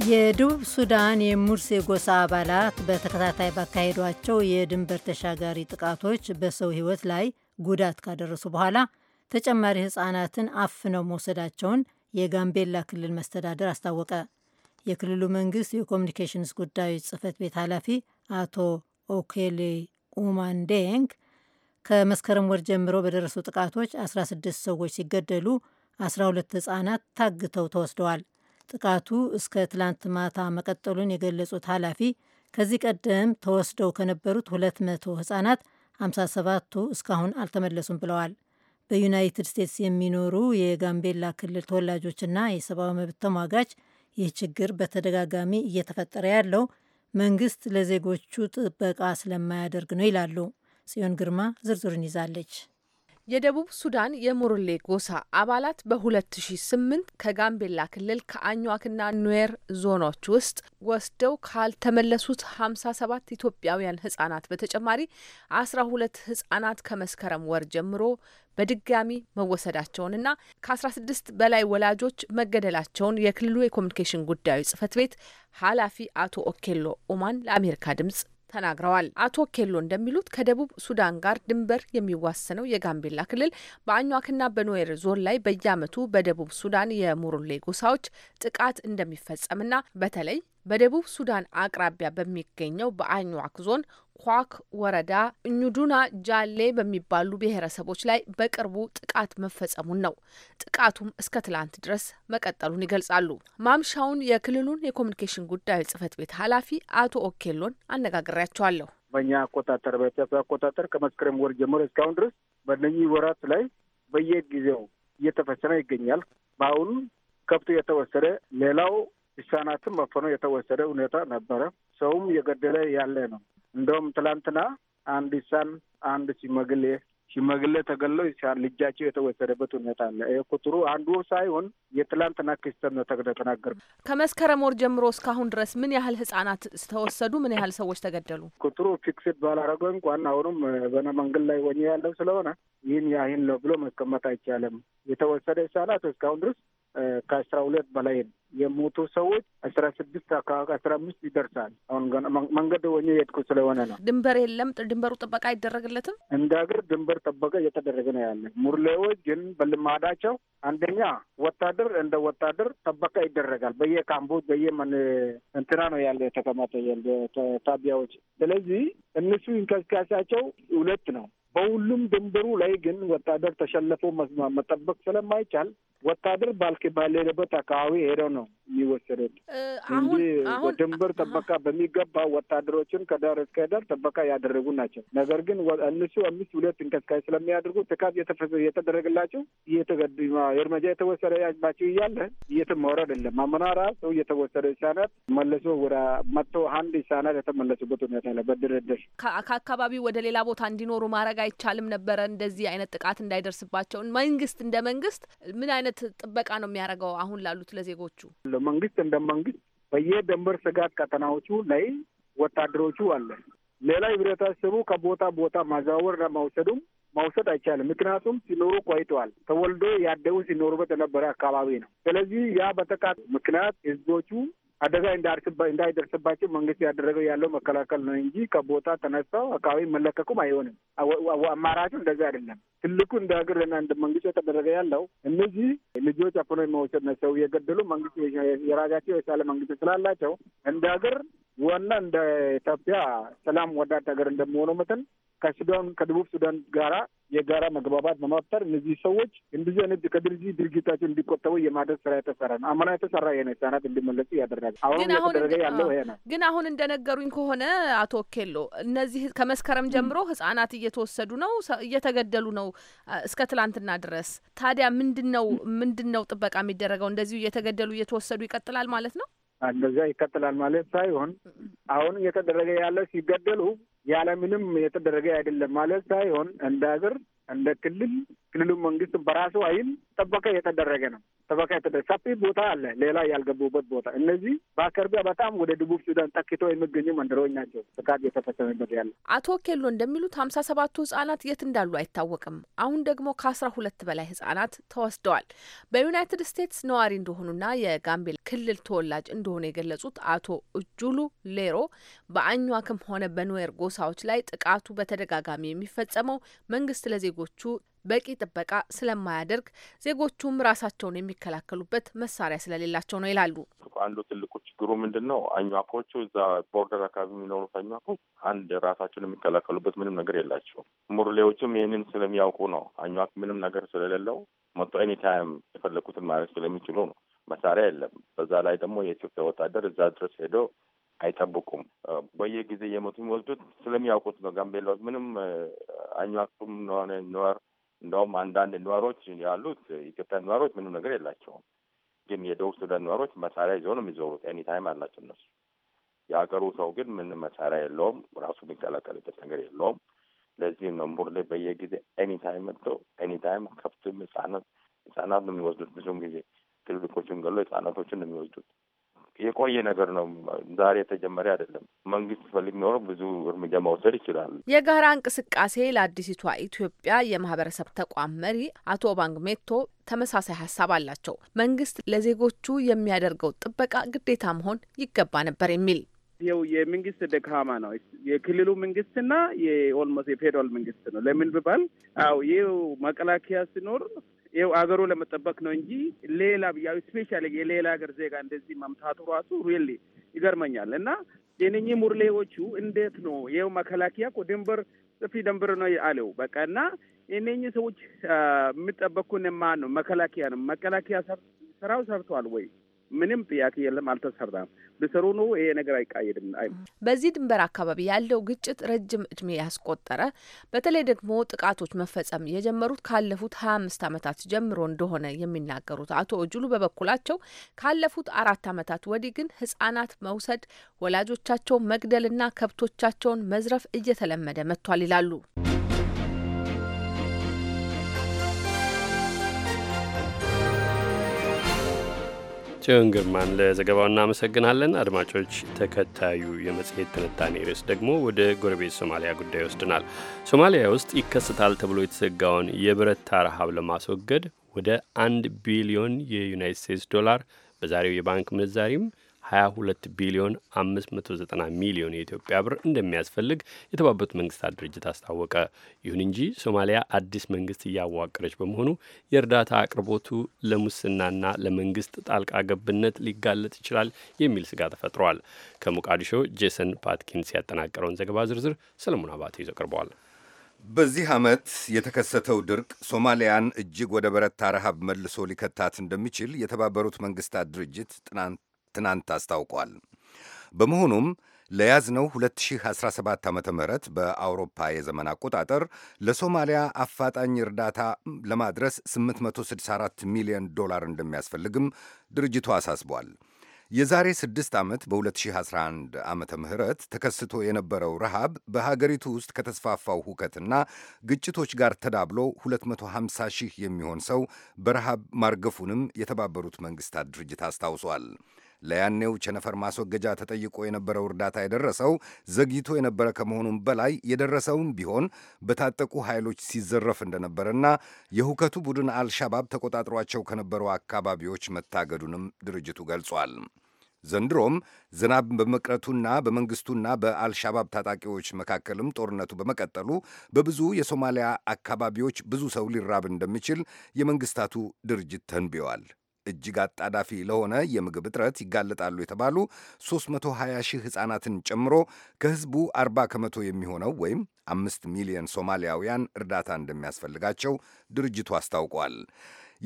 የደቡብ ሱዳን የሙርሴ ጎሳ አባላት በተከታታይ ባካሄዷቸው የድንበር ተሻጋሪ ጥቃቶች በሰው ሕይወት ላይ ጉዳት ካደረሱ በኋላ ተጨማሪ ሕፃናትን አፍነው መውሰዳቸውን የጋምቤላ ክልል መስተዳደር አስታወቀ። የክልሉ መንግስት የኮሚኒኬሽንስ ጉዳዮች ጽህፈት ቤት ኃላፊ አቶ ኦኬሌ ኡማንዴንግ ከመስከረም ወር ጀምሮ በደረሱ ጥቃቶች 16 ሰዎች ሲገደሉ 12 ህጻናት ታግተው ተወስደዋል። ጥቃቱ እስከ ትላንት ማታ መቀጠሉን የገለጹት ኃላፊ ከዚህ ቀደም ተወስደው ከነበሩት 200 ህጻናት 57ቱ እስካሁን አልተመለሱም ብለዋል። በዩናይትድ ስቴትስ የሚኖሩ የጋምቤላ ክልል ተወላጆችና የሰብአዊ መብት ተሟጋች ይህ ችግር በተደጋጋሚ እየተፈጠረ ያለው መንግስት ለዜጎቹ ጥበቃ ስለማያደርግ ነው ይላሉ። ጽዮን ግርማ ዝርዝሩን ይዛለች። የደቡብ ሱዳን የሙርሌ ጎሳ አባላት በ2008 ከጋምቤላ ክልል ከአኟክና ኑዌር ዞኖች ውስጥ ወስደው ካልተመለሱት 57 ኢትዮጵያውያን ህጻናት በተጨማሪ 12 ህጻናት ከመስከረም ወር ጀምሮ በድጋሚ መወሰዳቸውንና ከ16 በላይ ወላጆች መገደላቸውን የክልሉ የኮሚኒኬሽን ጉዳዮች ጽህፈት ቤት ኃላፊ አቶ ኦኬሎ ኡማን ለአሜሪካ ድምጽ ተናግረዋል። አቶ ኬሎ እንደሚሉት ከደቡብ ሱዳን ጋር ድንበር የሚዋሰነው የጋምቤላ ክልል በአኟክና በኑዌር ዞን ላይ በየዓመቱ በደቡብ ሱዳን የሙሩሌ ጎሳዎች ጥቃት እንደሚፈጸምና በተለይ በደቡብ ሱዳን አቅራቢያ በሚገኘው በአኝዋክ ዞን ኳክ ወረዳ እኙዱና ጃሌ በሚባሉ ብሔረሰቦች ላይ በቅርቡ ጥቃት መፈጸሙን ነው። ጥቃቱም እስከ ትላንት ድረስ መቀጠሉን ይገልጻሉ። ማምሻውን የክልሉን የኮሚኒኬሽን ጉዳዮች ጽህፈት ቤት ኃላፊ አቶ ኦኬሎን አነጋግሬያቸዋለሁ። በእኛ አቆጣጠር በኢትዮጵያ አቆጣጠር ከመስከረም ወር ጀምሮ እስካሁን ድረስ በእነኚህ ወራት ላይ በየጊዜው እየተፈጸመ ይገኛል። በአሁኑ ከብቱ የተወሰደ ሌላው ህጻናትም መፈኖ የተወሰደ ሁኔታ ነበረ። ሰውም የገደለ ያለ ነው። እንደውም ትላንትና አንድ ህጻን አንድ ሽማግሌ ሽማግሌ ተገሎ ልጃቸው የተወሰደበት ሁኔታ አለ። ይህ ቁጥሩ አንዱ ሳይሆን የትላንትና ክስተም ነው ተናገር ከመስከረም ወር ጀምሮ እስካሁን ድረስ ምን ያህል ህጻናት ተወሰዱ? ምን ያህል ሰዎች ተገደሉ? ቁጥሩ ፊክስድ ባላረገ እንኳን አሁኑም በነ መንገድ ላይ ወኘ ያለው ስለሆነ ይህን ያህል ነው ብሎ መቀመጥ አይቻልም። የተወሰደ ህጻናት እስካሁን ድረስ ከአስራ ሁለት በላይ ነው። የሞቱ ሰዎች አስራ ስድስት አካባቢ አስራ አምስት ይደርሳል። አሁን መንገድ ወኘ የሄድኩ ስለሆነ ነው። ድንበር የለም። ድንበሩ ጥበቃ አይደረግለትም። እንደ ሀገር ድንበር ጥበቃ እየተደረገ ነው ያለ። ሙርሌዎች ግን በልማዳቸው አንደኛ ወታደር እንደ ወታደር ጥበቃ ይደረጋል። በየካምቦች በየመን እንትና ነው ያለ የተቀመጠ ታቢያዎች። ስለዚህ እነሱ እንቅስቃሴያቸው ሁለት ነው። በሁሉም ድንበሩ ላይ ግን ወታደር ተሸለፎ መጠበቅ ስለማይቻል ወታደር ባልክ ባሌለበት አካባቢ ሄደው ነው ነው የሚወሰደው እንጂ ድንበር ጥበቃ በሚገባ ወታደሮችን ከዳር እስከ ዳር ጥበቃ ያደረጉ ናቸው። ነገር ግን እነሱ አምስት ሁለት እንቅስቃሴ ስለሚያደርጉ ጥቃት የተደረገላቸው እርምጃ የተወሰደባቸው እያለ የትም መውረድ የለም። አመራራ ሰው እየተወሰደ ህጻናት መለሶ ወደ መቶ አንድ ህጻናት የተመለሱበት ሁኔታ ለ በድርድር ከአካባቢው ወደ ሌላ ቦታ እንዲኖሩ ማድረግ አይቻልም ነበረ እንደዚህ አይነት ጥቃት እንዳይደርስባቸው መንግስት እንደ መንግስት ምን አይነት ጥበቃ ነው የሚያደርገው አሁን ላሉት ለዜጎቹ ለመንግስት እንደ መንግስት በየደንበር ስጋት ቀጠናዎቹ ላይ ወታደሮቹ አለ። ሌላ ህብረተሰቡ ከቦታ ቦታ ማዘዋወርና መውሰዱም መውሰድ አይቻልም። ምክንያቱም ሲኖሩ ቆይተዋል። ተወልዶ ያደጉ ሲኖሩበት የነበረ አካባቢ ነው። ስለዚህ ያ በተቃ ምክንያት ህዝቦቹ አደጋ እንዳይደርስባቸው መንግስት ያደረገው ያለው መከላከል ነው እንጂ ከቦታ ተነሳው አካባቢ መለቀቁም አይሆንም። አማራጩ እንደዚህ አይደለም። ትልቁ እንደ ሀገርና እንደ መንግስት የተደረገ ያለው እነዚህ ልጆች አፍኖ የመውሰድ ነው። ሰው የገደሉ መንግስት የራሳቸው የቻለ መንግስት ስላላቸው እንደ ሀገር ዋና እንደ ኢትዮጵያ ሰላም ወዳድ ሀገር እንደመሆኑ መጠን ከሱዳን ከደቡብ ሱዳን ጋራ የጋራ መግባባት በመፍጠር እነዚህ ሰዎች እንደዚህ አይነት ከድርጅት ድርጊታቸው እንዲቆጠቡ የማድረግ ስራ የተሰራ ነው። አምና የተሰራ ይነ ህጻናት እንዲመለሱ ያደርጋል። አሁን የተደረገ ያለው ይሄ ነው። ግን አሁን እንደነገሩኝ ከሆነ አቶ ኬሎ እነዚህ ከመስከረም ጀምሮ ህጻናት እየተወሰዱ ነው፣ እየተገደሉ ነው እስከ ትላንትና ድረስ። ታዲያ ምንድን ነው ምንድን ነው ጥበቃ የሚደረገው? እንደዚሁ እየተገደሉ እየተወሰዱ ይቀጥላል ማለት ነው። እንደዚያ ይቀጥላል ማለት ሳይሆን አሁን እየተደረገ ያለው ሲገደሉ ያለምንም የተደረገ አይደለም ማለት ሳይሆን እንደ ሀገር እንደ ክልል ክልሉ መንግስት በራሱ አይን ጥበቃ የተደረገ ነው። ጥበቃ የተደረገ ሰፊ ቦታ አለ፣ ሌላ ያልገቡበት ቦታ። እነዚህ በአከርቢያ በጣም ወደ ደቡብ ሱዳን ጠኪቶ የሚገኙ መንደሮች ናቸው ፍቃድ እየተፈጸመበት ያለ። አቶ ኬሎ እንደሚሉት ሀምሳ ሰባቱ ህጻናት የት እንዳሉ አይታወቅም። አሁን ደግሞ ከአስራ ሁለት በላይ ህጻናት ተወስደዋል። በዩናይትድ ስቴትስ ነዋሪ እንደሆኑና የጋምቤላ ክልል ተወላጅ እንደሆኑ የገለጹት አቶ እጁሉ ሌሮ በአኟክም ሆነ በኑዌር ጎሳ ጎሳዎች ላይ ጥቃቱ በተደጋጋሚ የሚፈጸመው መንግስት ለዜጎቹ በቂ ጥበቃ ስለማያደርግ ዜጎቹም ራሳቸውን የሚከላከሉበት መሳሪያ ስለሌላቸው ነው ይላሉ። አንዱ ትልቁ ችግሩ ምንድን ነው? አኟኮቹ እዛ ቦርደር አካባቢ የሚኖሩት አኟኮች አንድ ራሳቸውን የሚከላከሉበት ምንም ነገር የላቸውም። ሙርሌዎችም ይህንን ስለሚያውቁ ነው አኟክ ምንም ነገር ስለሌለው መቶ ኤኒታይም የፈለጉትን ማድረግ ስለሚችሉ ነው። መሳሪያ የለም። በዛ ላይ ደግሞ የኢትዮጵያ ወታደር እዛ ድረስ ሄዶ አይጠብቁም። በየጊዜ የመጡ የሚወስዱት ስለሚያውቁት ነው። ጋምቤላዎች ምንም አኟቱም ሆነ ነዋር እንደውም አንዳንድ ነዋሮች ያሉት ኢትዮጵያ ነዋሮች ምንም ነገር የላቸውም። ግን የደቡብ ሱዳን ኗሮች መሳሪያ ይዘው ነው የሚዞሩት። ኤኒታይም አላቸው እነሱ። የሀገሩ ሰው ግን ምንም መሳሪያ የለውም። ራሱ የሚቀላቀልበት ነገር የለውም። ለዚህም ነው ሙርሌ በየጊዜ ኤኒታይም መጥቶ ኤኒታይም ከብትም ህጻናት ህጻናት ነው የሚወስዱት። ብዙም ጊዜ ትልልቆቹን ገሎ ህጻናቶችን ነው የሚወስዱት። የቆየ ነገር ነው። ዛሬ የተጀመረ አይደለም። መንግስት ፈልግ ኖሮ ብዙ እርምጃ መውሰድ ይችላል። የጋራ እንቅስቃሴ ለአዲሲቷ ኢትዮጵያ የማህበረሰብ ተቋም መሪ አቶ ባንግ ሜቶ ተመሳሳይ ሀሳብ አላቸው። መንግስት ለዜጎቹ የሚያደርገው ጥበቃ ግዴታ መሆን ይገባ ነበር የሚል ይኸው የመንግስት ደካማ ነው። የክልሉ መንግስትና የኦልሞስ የፌዴራል መንግስት ነው። ለምን ብባል አው ይኸው መከላከያ ሲኖር ይኸው አገሩ ለመጠበቅ ነው እንጂ ሌላ ብያዊ ስፔሻሊ የሌላ ሀገር ዜጋ እንደዚህ መምታቱ ራሱ ሪሊ ይገርመኛል። እና የነኚህ ሙርሌዎቹ እንዴት ነው ይኸው መከላከያ እኮ ድንበር ጽፊ ደንበር ነው አለው በቃ እና የነኚህ ሰዎች የሚጠበቁን ማን ነው? መከላከያ ነው። መከላከያ ስራው ሰርቷል ወይ? ምንም ጥያቄ የለም፣ አልተሰራም። ብሰሩ ኖ ይሄ ነገር አይቃየድም። በዚህ ድንበር አካባቢ ያለው ግጭት ረጅም እድሜ ያስቆጠረ በተለይ ደግሞ ጥቃቶች መፈጸም የጀመሩት ካለፉት ሀያ አምስት ዓመታት ጀምሮ እንደሆነ የሚናገሩት አቶ እጁሉ በበኩላቸው ካለፉት አራት ዓመታት ወዲህ ግን ህጻናት መውሰድ፣ ወላጆቻቸው መግደልና ከብቶቻቸውን መዝረፍ እየተለመደ መጥቷል ይላሉ። ጽዮን ግርማን ለዘገባው እናመሰግናለን። አድማጮች፣ ተከታዩ የመጽሔት ትንታኔ ርዕስ ደግሞ ወደ ጎረቤት ሶማሊያ ጉዳይ ይወስድናል። ሶማሊያ ውስጥ ይከሰታል ተብሎ የተዘጋውን የበረታ ረሃብ ለማስወገድ ወደ አንድ ቢሊዮን የዩናይት ስቴትስ ዶላር በዛሬው የባንክ ምንዛሪም 22 ቢሊዮን 590 ሚሊዮን የኢትዮጵያ ብር እንደሚያስፈልግ የተባበሩት መንግስታት ድርጅት አስታወቀ። ይሁን እንጂ ሶማሊያ አዲስ መንግስት እያዋቀረች በመሆኑ የእርዳታ አቅርቦቱ ለሙስናና ለመንግስት ጣልቃ ገብነት ሊጋለጥ ይችላል የሚል ስጋ ተፈጥሯል። ከሞቃዲሾ ጄሰን ፓትኪንስ ያጠናቀረውን ዘገባ ዝርዝር ሰለሞን አባቴ ይዞ ቀርበዋል። በዚህ ዓመት የተከሰተው ድርቅ ሶማሊያን እጅግ ወደ በረታ ረሃብ መልሶ ሊከታት እንደሚችል የተባበሩት መንግስታት ድርጅት ጥናንት ትናንት አስታውቋል። በመሆኑም ለያዝነው 2017 ዓ ም በአውሮፓ የዘመን አቆጣጠር ለሶማሊያ አፋጣኝ እርዳታ ለማድረስ 864 ሚሊዮን ዶላር እንደሚያስፈልግም ድርጅቱ አሳስቧል። የዛሬ ስድስት ዓመት በ2011 ዓመተ ምህረት ተከስቶ የነበረው ረሃብ በሀገሪቱ ውስጥ ከተስፋፋው ሁከትና ግጭቶች ጋር ተዳብሎ 250 ሺህ የሚሆን ሰው በረሃብ ማርገፉንም የተባበሩት መንግስታት ድርጅት አስታውሷል። ለያኔው ቸነፈር ማስወገጃ ተጠይቆ የነበረው እርዳታ የደረሰው ዘግይቶ የነበረ ከመሆኑም በላይ የደረሰውም ቢሆን በታጠቁ ኃይሎች ሲዘረፍ እንደነበረና የሁከቱ ቡድን አልሻባብ ተቆጣጥሯቸው ከነበሩ አካባቢዎች መታገዱንም ድርጅቱ ገልጿል። ዘንድሮም ዝናብ በመቅረቱና በመንግስቱና በአልሻባብ ታጣቂዎች መካከልም ጦርነቱ በመቀጠሉ በብዙ የሶማሊያ አካባቢዎች ብዙ ሰው ሊራብ እንደሚችል የመንግስታቱ ድርጅት ተንብዮአል። እጅግ አጣዳፊ ለሆነ የምግብ እጥረት ይጋለጣሉ የተባሉ 320 ሺህ ሕፃናትን ጨምሮ ከሕዝቡ 40 ከመቶ የሚሆነው ወይም አምስት ሚሊዮን ሶማሊያውያን እርዳታ እንደሚያስፈልጋቸው ድርጅቱ አስታውቋል።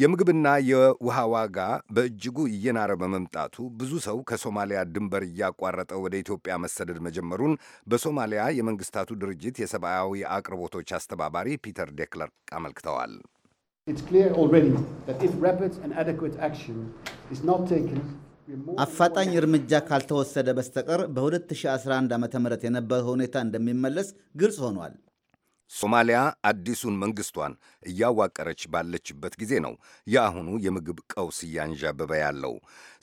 የምግብና የውሃ ዋጋ በእጅጉ እየናረ በመምጣቱ ብዙ ሰው ከሶማሊያ ድንበር እያቋረጠ ወደ ኢትዮጵያ መሰደድ መጀመሩን በሶማሊያ የመንግስታቱ ድርጅት የሰብአዊ አቅርቦቶች አስተባባሪ ፒተር ዴክለርክ አመልክተዋል። አፋጣኝ እርምጃ ካልተወሰደ በስተቀር በ2011 ም የነበረው ሁኔታ እንደሚመለስ ግልጽ ሆኗል። ሶማሊያ አዲሱን መንግስቷን እያዋቀረች ባለችበት ጊዜ ነው የአሁኑ የምግብ ቀውስ እያንዣበበ ያለው።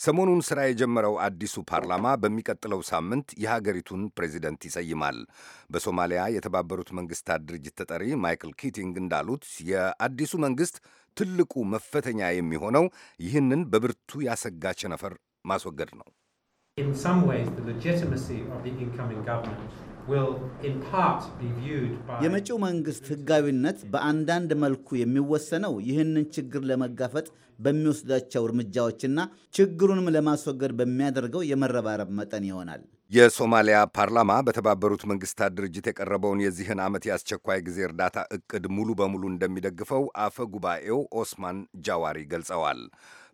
ሰሞኑን ሥራ የጀመረው አዲሱ ፓርላማ በሚቀጥለው ሳምንት የሀገሪቱን ፕሬዚደንት ይሰይማል። በሶማሊያ የተባበሩት መንግስታት ድርጅት ተጠሪ ማይክል ኪቲንግ እንዳሉት የአዲሱ መንግስት ትልቁ መፈተኛ የሚሆነው ይህንን በብርቱ ያሰጋ ቸነፈር ማስወገድ ነው። የመጪው መንግስት ህጋዊነት በአንዳንድ መልኩ የሚወሰነው ይህንን ችግር ለመጋፈጥ በሚወስዳቸው እርምጃዎችና ችግሩንም ለማስወገድ በሚያደርገው የመረባረብ መጠን ይሆናል። የሶማሊያ ፓርላማ በተባበሩት መንግስታት ድርጅት የቀረበውን የዚህን ዓመት የአስቸኳይ ጊዜ እርዳታ እቅድ ሙሉ በሙሉ እንደሚደግፈው አፈ ጉባኤው ኦስማን ጃዋሪ ገልጸዋል።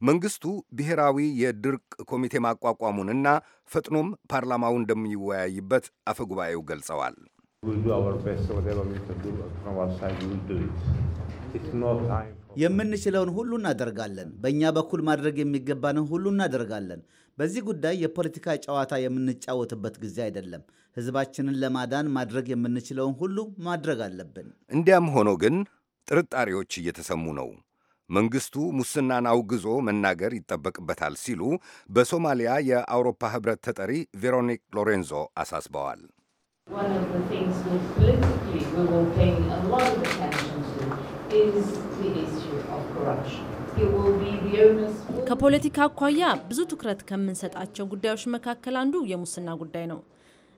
መንግስቱ ብሔራዊ የድርቅ ኮሚቴ ማቋቋሙንና ፈጥኖም ፓርላማው እንደሚወያይበት አፈ ጉባኤው ገልጸዋል። የምንችለውን ሁሉ እናደርጋለን። በእኛ በኩል ማድረግ የሚገባንን ሁሉ እናደርጋለን። በዚህ ጉዳይ የፖለቲካ ጨዋታ የምንጫወትበት ጊዜ አይደለም። ህዝባችንን ለማዳን ማድረግ የምንችለውን ሁሉ ማድረግ አለብን። እንዲያም ሆኖ ግን ጥርጣሬዎች እየተሰሙ ነው። መንግስቱ ሙስናን አውግዞ መናገር ይጠበቅበታል ሲሉ በሶማሊያ የአውሮፓ ህብረት ተጠሪ ቬሮኒክ ሎሬንዞ አሳስበዋል። ከፖለቲካ አኳያ ብዙ ትኩረት ከምንሰጣቸው ጉዳዮች መካከል አንዱ የሙስና ጉዳይ ነው።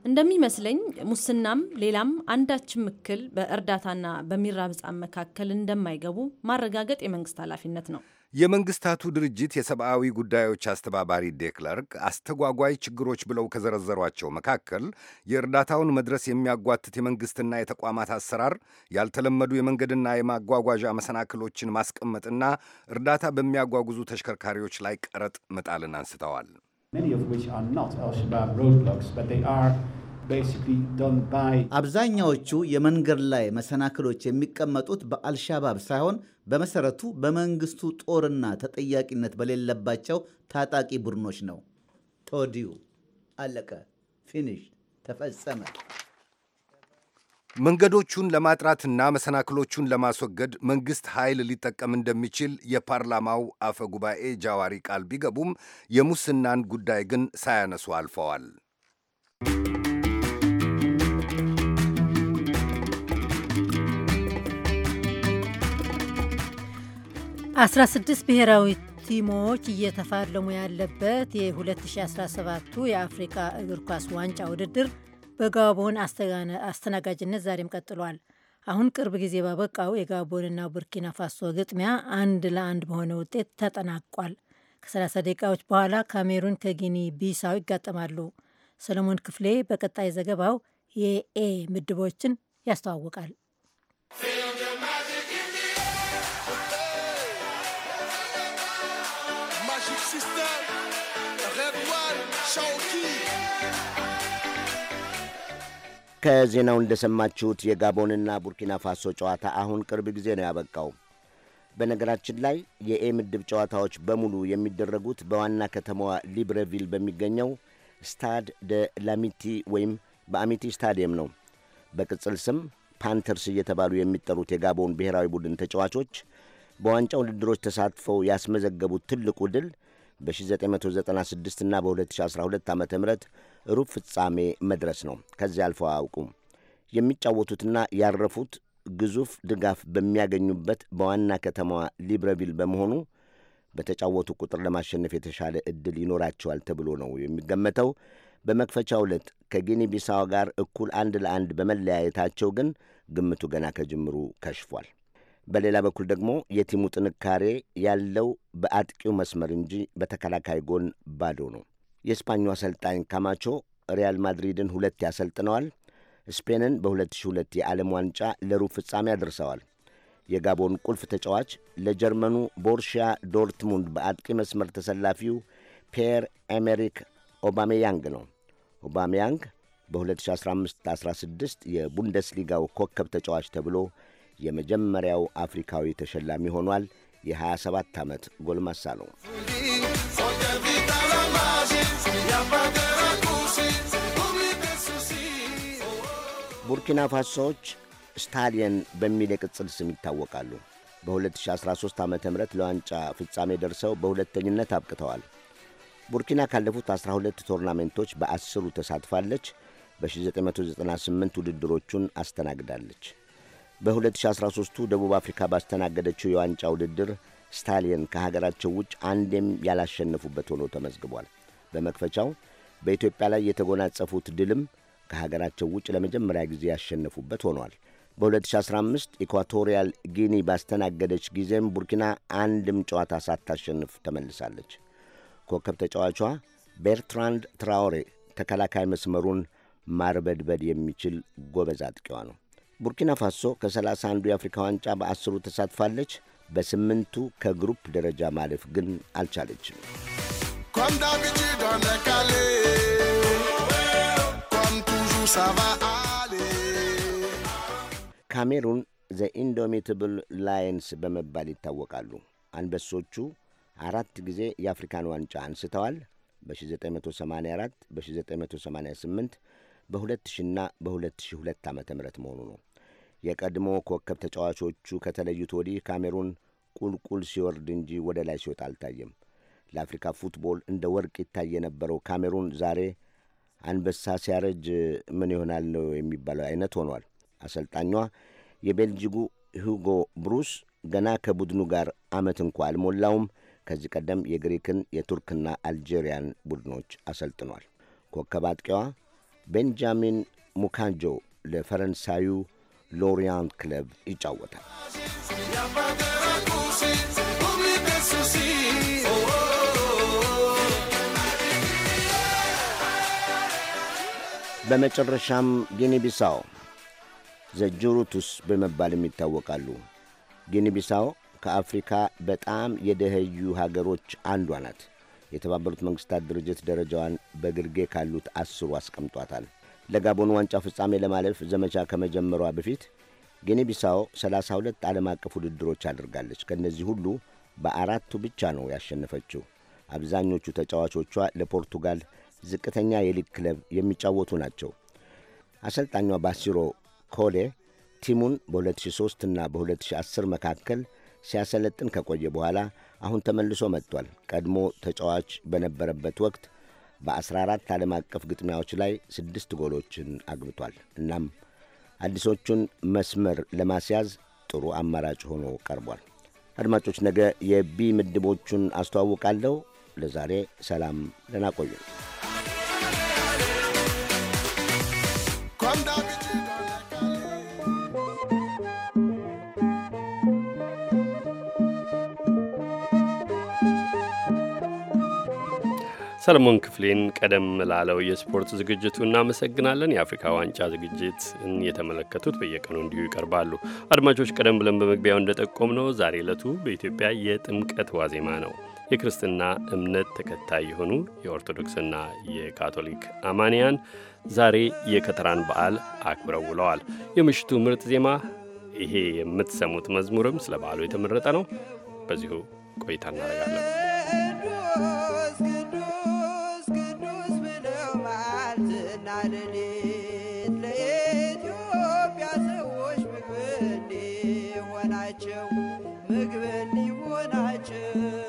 እንደሚመስለኝ ሙስናም ሌላም አንዳችም እክል በእርዳታና በሚራብ ሕፃን መካከል እንደማይገቡ ማረጋገጥ የመንግስት ኃላፊነት ነው። የመንግስታቱ ድርጅት የሰብአዊ ጉዳዮች አስተባባሪ ዴክለርክ አስተጓጓይ ችግሮች ብለው ከዘረዘሯቸው መካከል የእርዳታውን መድረስ የሚያጓትት የመንግስትና የተቋማት አሰራር፣ ያልተለመዱ የመንገድና የማጓጓዣ መሰናክሎችን ማስቀመጥና እርዳታ በሚያጓጉዙ ተሽከርካሪዎች ላይ ቀረጥ መጣልን አንስተዋል። አብዛኛዎቹ የመንገድ ላይ መሰናክሎች የሚቀመጡት በአልሻባብ ሳይሆን በመሰረቱ በመንግስቱ ጦርና ተጠያቂነት በሌለባቸው ታጣቂ ቡድኖች ነው። ተወዲሁ አለቀ፣ ፊኒሽ ተፈጸመ። መንገዶቹን ለማጥራትና መሰናክሎቹን ለማስወገድ መንግሥት ኃይል ሊጠቀም እንደሚችል የፓርላማው አፈ ጉባኤ ጃዋሪ ቃል ቢገቡም የሙስናን ጉዳይ ግን ሳያነሱ አልፈዋል። አስራ ስድስት ብሔራዊ ቲሞች እየተፋለሙ ያለበት የ2017ቱ የአፍሪካ እግር ኳስ ዋንጫ ውድድር በጋቦን አስተናጋጅነት ዛሬም ቀጥሏል። አሁን ቅርብ ጊዜ ባበቃው የጋቦንና ቡርኪና ፋሶ ግጥሚያ አንድ ለአንድ በሆነ ውጤት ተጠናቋል። ከ30 ደቂቃዎች በኋላ ካሜሩን ከጊኒ ቢሳው ይጋጠማሉ። ሰለሞን ክፍሌ በቀጣይ ዘገባው የኤ ምድቦችን ያስተዋውቃል። Sister, red one, ከዜናው እንደሰማችሁት የጋቦንና ቡርኪና ፋሶ ጨዋታ አሁን ቅርብ ጊዜ ነው ያበቃው። በነገራችን ላይ የኤ ምድብ ጨዋታዎች በሙሉ የሚደረጉት በዋና ከተማዋ ሊብረቪል በሚገኘው ስታድ ደ ላሚቲ ወይም በአሚቲ ስታዲየም ነው። በቅጽል ስም ፓንተርስ እየተባሉ የሚጠሩት የጋቦን ብሔራዊ ቡድን ተጫዋቾች በዋንጫ ውድድሮች ተሳትፈው ያስመዘገቡት ትልቁ ድል በ1996 እና በ2012 ዓ ም ሩብ ፍጻሜ መድረስ ነው። ከዚያ አልፈው አያውቁም። የሚጫወቱትና ያረፉት ግዙፍ ድጋፍ በሚያገኙበት በዋና ከተማዋ ሊብረቪል በመሆኑ በተጫወቱ ቁጥር ለማሸነፍ የተሻለ ዕድል ይኖራቸዋል ተብሎ ነው የሚገመተው። በመክፈቻው ዕለት ከጊኒ ቢሳው ጋር እኩል አንድ ለአንድ በመለያየታቸው ግን ግምቱ ገና ከጅምሩ ከሽፏል። በሌላ በኩል ደግሞ የቲሙ ጥንካሬ ያለው በአጥቂው መስመር እንጂ በተከላካይ ጎን ባዶ ነው። የስፓኙ አሰልጣኝ ካማቾ ሪያል ማድሪድን ሁለት ያሰልጥነዋል። ስፔንን በ2002 የዓለም ዋንጫ ለሩብ ፍጻሜ አድርሰዋል። የጋቦን ቁልፍ ተጫዋች ለጀርመኑ ቦርሺያ ዶርትሙንድ በአጥቂ መስመር ተሰላፊው ፔየር ኤሜሪክ ኦባሜያንግ ነው። ኦባሜያንግ በ2015-16 የቡንደስሊጋው ኮከብ ተጫዋች ተብሎ የመጀመሪያው አፍሪካዊ ተሸላሚ ሆኗል። የ27 ዓመት ጎልማሳ ነው። ቡርኪና ፋሶዎች ስታሊየን በሚል የቅጽል ስም ይታወቃሉ። በ2013 ዓ ም ለዋንጫ ፍጻሜ ደርሰው በሁለተኝነት አብቅተዋል። ቡርኪና ካለፉት 12 ቶርናሜንቶች በአስሩ ተሳትፋለች። በ1998 ውድድሮቹን አስተናግዳለች። በ2013ቱ ደቡብ አፍሪካ ባስተናገደችው የዋንጫ ውድድር ስታሊየን ከሀገራቸው ውጭ አንዴም ያላሸነፉበት ሆኖ ተመዝግቧል። በመክፈቻው በኢትዮጵያ ላይ የተጎናጸፉት ድልም ከሀገራቸው ውጭ ለመጀመሪያ ጊዜ ያሸነፉበት ሆኗል። በ2015 ኢኳቶሪያል ጊኒ ባስተናገደች ጊዜም ቡርኪና አንድም ጨዋታ ሳታሸንፍ ተመልሳለች። ኮከብ ተጫዋቿ ቤርትራንድ ትራውሬ ተከላካይ መስመሩን ማርበድበድ የሚችል ጎበዝ አጥቂዋ ነው። ቡርኪና ፋሶ ከ31ዱ የአፍሪካ ዋንጫ በአስሩ ተሳትፋለች። በስምንቱ ከግሩፕ ደረጃ ማለፍ ግን አልቻለችም። ካሜሩን ዘኢንዶሚትብል ላየንስ በመባል ይታወቃሉ። አንበሶቹ አራት ጊዜ የአፍሪካን ዋንጫ አንስተዋል። በ1984፣ በ1988፣ በ2000ና በ2002 ዓ ም መሆኑ ነው። የቀድሞ ኮከብ ተጫዋቾቹ ከተለዩት ወዲህ ካሜሩን ቁልቁል ሲወርድ እንጂ ወደ ላይ ሲወጣ አልታየም። ለአፍሪካ ፉትቦል እንደ ወርቅ ይታይ የነበረው ካሜሩን ዛሬ አንበሳ ሲያረጅ ምን ይሆናል ነው የሚባለው አይነት ሆኗል። አሰልጣኟ የቤልጂጉ ሁጎ ብሩስ ገና ከቡድኑ ጋር አመት እንኳ አልሞላውም። ከዚህ ቀደም የግሪክን የቱርክና አልጄሪያን ቡድኖች አሰልጥኗል። ኮከብ አጥቂዋ ቤንጃሚን ሙካንጆ ለፈረንሳዩ ሎሪያን ክለብ ይጫወታል። በመጨረሻም ጊኒቢሳው ቢሳው ዘጁሩቱስ በመባልም ይታወቃሉ። ጊኒቢሳው ከአፍሪካ በጣም የደህዩ ሀገሮች አንዷ ናት። የተባበሩት መንግሥታት ድርጅት ደረጃዋን በግርጌ ካሉት አስሩ አስቀምጧታል። ለጋቦን ዋንጫ ፍጻሜ ለማለፍ ዘመቻ ከመጀመሯ በፊት ጊኒቢሳው 32 ዓለም አቀፍ ውድድሮች አድርጋለች። ከእነዚህ ሁሉ በአራቱ ብቻ ነው ያሸነፈችው። አብዛኞቹ ተጫዋቾቿ ለፖርቱጋል ዝቅተኛ የሊግ ክለብ የሚጫወቱ ናቸው። አሰልጣኟ ባሲሮ ኮሌ ቲሙን በ2003 እና በ2010 መካከል ሲያሰለጥን ከቆየ በኋላ አሁን ተመልሶ መጥቷል። ቀድሞ ተጫዋች በነበረበት ወቅት በ14 ዓለም አቀፍ ግጥሚያዎች ላይ ስድስት ጎሎችን አግብቷል። እናም አዲሶቹን መስመር ለማስያዝ ጥሩ አማራጭ ሆኖ ቀርቧል። አድማጮች፣ ነገ የቢ ምድቦቹን አስተዋውቃለሁ። ለዛሬ ሰላም፣ ደህና ቆዩ። ሰለሞን ክፍሌን ቀደም ላለው የስፖርት ዝግጅቱ እናመሰግናለን። የአፍሪካ ዋንጫ ዝግጅትን የተመለከቱት በየቀኑ እንዲሁ ይቀርባሉ። አድማጮች፣ ቀደም ብለን በመግቢያው እንደጠቆም ነው ዛሬ ዕለቱ በኢትዮጵያ የጥምቀት ዋዜማ ነው። የክርስትና እምነት ተከታይ የሆኑ የኦርቶዶክስና የካቶሊክ አማንያን ዛሬ የከተራን በዓል አክብረው ውለዋል። የምሽቱ ምርጥ ዜማ ይሄ የምትሰሙት መዝሙርም ስለ በዓሉ የተመረጠ ነው። በዚሁ ቆይታ እናደርጋለን። ቀንና ሌሊት ለኢትዮጵያ ሰዎች ምግብ እንዲሆናቸው ምግብ እንዲሆናቸው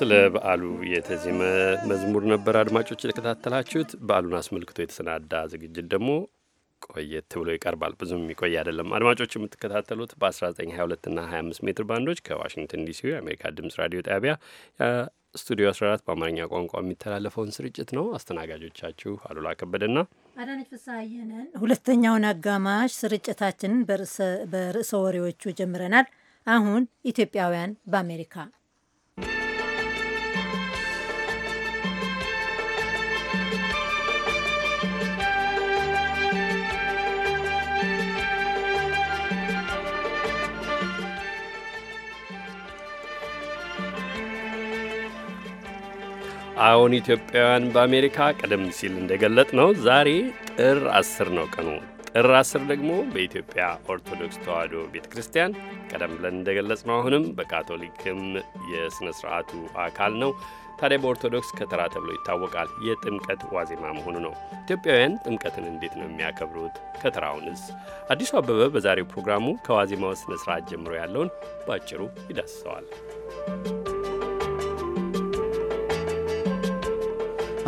ስለ በዓሉ የተዜመ መዝሙር ነበር አድማጮች የተከታተላችሁት። በዓሉን አስመልክቶ የተሰናዳ ዝግጅት ደግሞ ቆየት ብሎ ይቀርባል። ብዙም የሚቆይ አይደለም። አድማጮች የምትከታተሉት በ1922 እና 25 ሜትር ባንዶች ከዋሽንግተን ዲሲ የአሜሪካ ድምጽ ራዲዮ ጣቢያ ስቱዲዮ 14 በአማርኛ ቋንቋ የሚተላለፈውን ስርጭት ነው። አስተናጋጆቻችሁ አሉላ ከበደና አዳነች ፍስሐየንን። ሁለተኛውን አጋማሽ ስርጭታችንን በርዕሰ ወሬዎቹ ጀምረናል። አሁን ኢትዮጵያውያን በአሜሪካ አሁን ኢትዮጵያውያን በአሜሪካ ቀደም ሲል እንደገለጥ ነው ዛሬ ጥር አስር ነው ቀኑ። ጥር አስር ደግሞ በኢትዮጵያ ኦርቶዶክስ ተዋሕዶ ቤተ ክርስቲያን ቀደም ብለን እንደገለጽ ነው አሁንም በካቶሊክም የሥነ ሥርዓቱ አካል ነው። ታዲያ በኦርቶዶክስ ከተራ ተብሎ ይታወቃል። የጥምቀት ዋዜማ መሆኑ ነው። ኢትዮጵያውያን ጥምቀትን እንዴት ነው የሚያከብሩት? ከተራውንስ? አዲሱ አበበ በዛሬው ፕሮግራሙ ከዋዜማው ስነ ስርዓት ጀምሮ ያለውን በአጭሩ ይዳስሰዋል።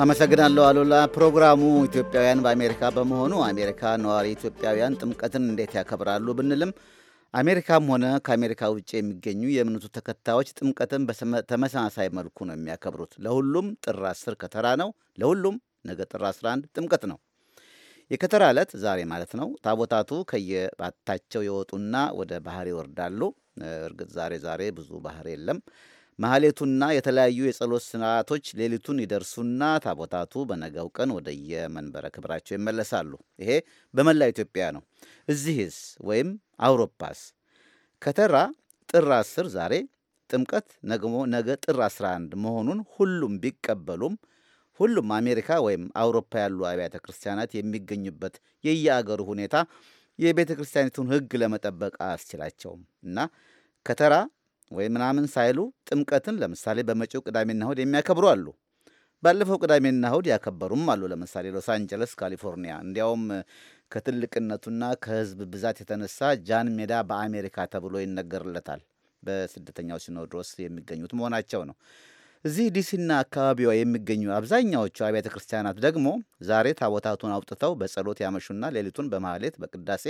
አመሰግናለሁ አሉላ። ፕሮግራሙ ኢትዮጵያውያን በአሜሪካ በመሆኑ አሜሪካ ነዋሪ ኢትዮጵያውያን ጥምቀትን እንዴት ያከብራሉ ብንልም አሜሪካም ሆነ ከአሜሪካ ውጭ የሚገኙ የእምነቱ ተከታዮች ጥምቀትን በተመሳሳይ መልኩ ነው የሚያከብሩት። ለሁሉም ጥር 10 ከተራ ነው። ለሁሉም ነገ ጥር 11 ጥምቀት ነው። የከተራ ዕለት ዛሬ ማለት ነው። ታቦታቱ ከየባታቸው የወጡና ወደ ባህር ይወርዳሉ። እርግጥ ዛሬ ዛሬ ብዙ ባህር የለም። ማህሌቱና የተለያዩ የጸሎት ስርዓቶች ሌሊቱን ይደርሱና ታቦታቱ በነገው ቀን የመንበረ ክብራቸው ይመለሳሉ። ይሄ በመላ ኢትዮጵያ ነው። እዚህስ ወይም አውሮፓስ? ከተራ ጥር 10 ዛሬ፣ ጥምቀት ነገ ጥር 11 መሆኑን ሁሉም ቢቀበሉም ሁሉም አሜሪካ ወይም አውሮፓ ያሉ አብያተ ክርስቲያናት የሚገኙበት የየአገሩ ሁኔታ የቤተ ክርስቲያኒቱን ሕግ ለመጠበቅ አያስችላቸውም እና ከተራ ወይም ምናምን ሳይሉ ጥምቀትን ለምሳሌ በመጪው ቅዳሜና እሁድ የሚያከብሩ አሉ። ባለፈው ቅዳሜና እሁድ ያከበሩም አሉ። ለምሳሌ ሎስ አንጀለስ ካሊፎርኒያ፣ እንዲያውም ከትልቅነቱና ከህዝብ ብዛት የተነሳ ጃን ሜዳ በአሜሪካ ተብሎ ይነገርለታል። በስደተኛው ሲኖድሮስ የሚገኙት መሆናቸው ነው። እዚህ ዲሲና አካባቢዋ የሚገኙ አብዛኛዎቹ አብያተ ክርስቲያናት ደግሞ ዛሬ ታቦታቱን አውጥተው በጸሎት ያመሹና ሌሊቱን በማህሌት በቅዳሴ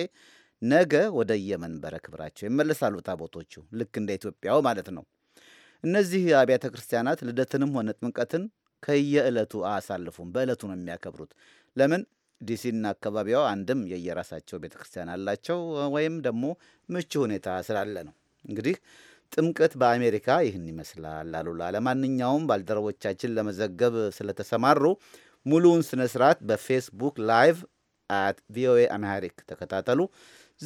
ነገ ወደ የመንበረ ክብራቸው ይመለሳሉ። ታቦቶቹ ልክ እንደ ኢትዮጵያው ማለት ነው። እነዚህ አብያተ ክርስቲያናት ልደትንም ሆነ ጥምቀትን ከየዕለቱ አያሳልፉም፣ በዕለቱ ነው የሚያከብሩት። ለምን? ዲሲና አካባቢዋ አንድም የየራሳቸው ቤተ ክርስቲያን አላቸው፣ ወይም ደግሞ ምቹ ሁኔታ ስላለ ነው። እንግዲህ ጥምቀት በአሜሪካ ይህን ይመስላል። አሉላ ለማንኛውም ባልደረቦቻችን ለመዘገብ ስለተሰማሩ ሙሉውን ስነ ስርዓት በፌስቡክ ላይቭ አት ቪኦኤ አምሃሪክ ተከታተሉ።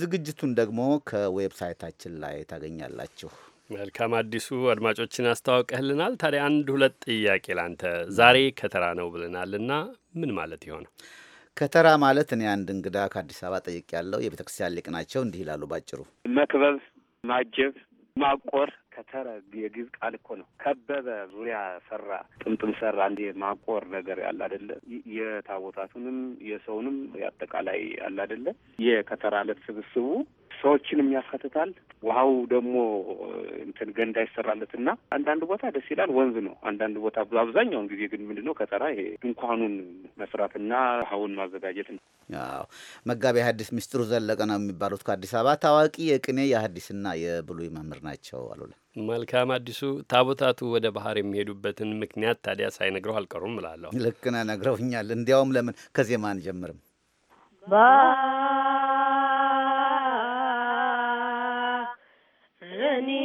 ዝግጅቱን ደግሞ ከዌብሳይታችን ላይ ታገኛላችሁ። መልካም አዲሱ አድማጮችን አስተዋውቀህልናል። ታዲያ አንድ ሁለት ጥያቄ ላንተ ዛሬ ከተራ ነው ብለናልና ምን ማለት ይሆነ? ከተራ ማለት እኔ አንድ እንግዳ ከአዲስ አበባ ጠይቅ ያለው የቤተ ክርስቲያን ሊቅ ናቸው። እንዲህ ይላሉ ባጭሩ፣ መክበብ፣ ማጀብ፣ ማቆር ከተረ የግዕዝ ቃል እኮ ነው። ከበበ ዙሪያ ሰራ፣ ጥምጥም ሰራ። አንድ ማቆር ነገር ያለ አደለ? የታቦታቱንም የሰውንም የአጠቃላይ ያለ አደለ? የከተራ ዕለት ስብስቡ ሰዎችንም ያሳትታል። ውሃው ደግሞ እንትን ገንዳ ይሰራለት ይሰራለትና አንዳንድ ቦታ ደስ ይላል፣ ወንዝ ነው። አንዳንድ ቦታ አብዛኛውን ጊዜ ግን ምንድን ነው ከተራ ይሄ ድንኳኑን መስራትና ውሃውን ማዘጋጀት ነው። አዎ መጋቢ ሐዲስ ምስጢሩ ዘለቀ ነው የሚባሉት ከአዲስ አበባ ታዋቂ የቅኔ የሐዲስና የብሉይ መምህር ናቸው። አሉላ መልካም አዲሱ ታቦታቱ ወደ ባህር የሚሄዱበትን ምክንያት ታዲያ ሳይነግረው አልቀሩም እላለሁ። ልክ ነህ፣ ነግረውኛል። እንዲያውም ለምን ከዜማ አንጀምርም? ಮನೆ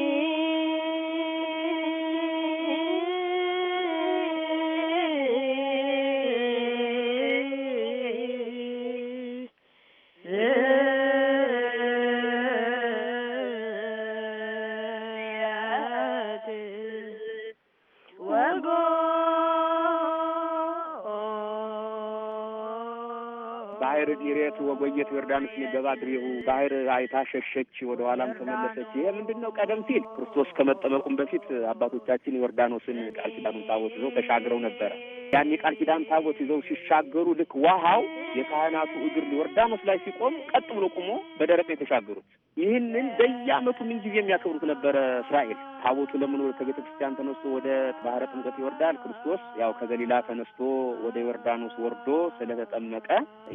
ዮርዳኖስ ንገባ ድሪሁ ባህር አይታ ሸሸች፣ ወደ ኋላም ተመለሰች። ይሄ ምንድን ነው? ቀደም ሲል ክርስቶስ ከመጠመቁም በፊት አባቶቻችን ዮርዳኖስን ቃል ኪዳኑን ታቦት ይዘው ተሻግረው ነበረ። ያን የቃል ኪዳን ታቦት ይዘው ሲሻገሩ ልክ ውሃው የካህናቱ እግር ዮርዳኖስ ላይ ሲቆም ቀጥ ብሎ ቁሞ በደረቅ የተሻገሩት ይህንን በየአመቱ ምን ጊዜ የሚያከብሩት ነበረ። እስራኤል ታቦቱ ለምን ከቤተ ክርስቲያን ተነስቶ ወደ ባህረ ጥምቀት ይወርዳል? ክርስቶስ ያው ከገሊላ ተነስቶ ወደ ዮርዳኖስ ወርዶ ስለተጠመቀ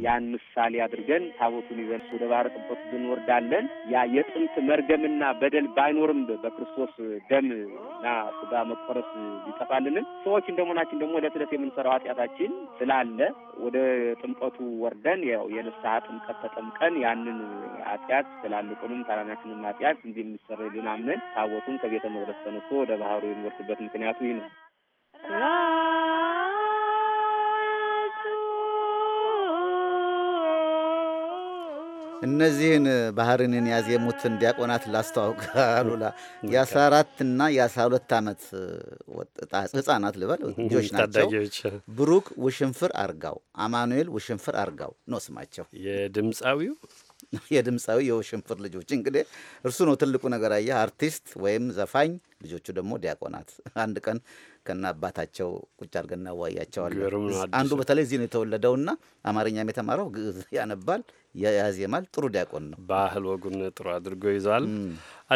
ያን ምሳሌ አድርገን ታቦቱን ይዘን ወደ ባህረ ጥምቀቱ እንወርዳለን። ያ የጥንት መርገምና በደል ባይኖርም በክርስቶስ ደምና ስጋ መቆረስ ይጠፋልንም ሰዎች እንደመሆናችን ደግሞ ዕለት ዕለት የምንሰራው ኃጢአታችን ስላለ ወደ ጥምቀቱ ወርደን ያው የንስሐ ጥምቀት ተጠምቀን ያንን ኃጢአት ስላልቆ መስቀሉም ታላናችን ማጥያት እንዲህ የሚሰረይ ብናምነን ታቦቱን ከቤተ መቅደስ ተነስቶ ወደ ባህሩ የሚወርድበት ምክንያቱ ይህ ነው። እነዚህን ባህርንን ያዜሙትን ዲያቆናት ላስተዋውቅ። አሉላ የአስራ አራት እና የአስራ ሁለት ዓመት ህጻናት ልበል ልጆች ናቸው። ብሩክ ውሽንፍር አርጋው፣ አማኑኤል ውሽንፍር አርጋው ነው ስማቸው የድምፃዊው የድምፃዊ የውሽንፍር ልጆች እንግዲህ እርሱ ነው ትልቁ ነገር። አየህ አርቲስት ወይም ዘፋኝ፣ ልጆቹ ደግሞ ዲያቆናት። አንድ ቀን ከና አባታቸው ቁጭ አድርገን እናዋያቸዋለን። አንዱ በተለይ እዚህ ነው የተወለደውና አማርኛም የተማረው ግዕዝ ያነባል፣ ያዜማል። ጥሩ ዲያቆን ነው። ባህል ወጉን ጥሩ አድርጎ ይዟል።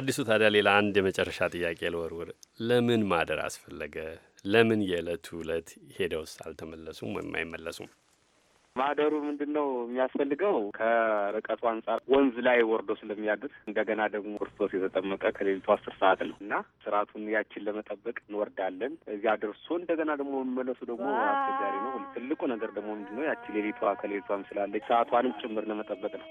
አዲሱ ታዲያ ሌላ አንድ የመጨረሻ ጥያቄ ልወርውር። ለምን ማደር አስፈለገ? ለምን የዕለቱ ዕለት ሄደውስ አልተመለሱም ወይም አይመለሱም? ማደሩ ምንድን ነው የሚያስፈልገው? ከርቀቱ አንጻር ወንዝ ላይ ወርዶ ስለሚያድር እንደገና ደግሞ ክርስቶስ የተጠመቀ ከሌሊቱ አስር ሰዓት ነው እና ስርዓቱን ያችን ለመጠበቅ እንወርዳለን። እዚያ ደርሶ እንደገና ደግሞ መመለሱ ደግሞ አስቸጋሪ ነው። ትልቁ ነገር ደግሞ ምንድን ነው ያቺ ሌሊቷ ከሌሊቷም ስላለች ሰዓቷንም ጭምር ለመጠበቅ ነው።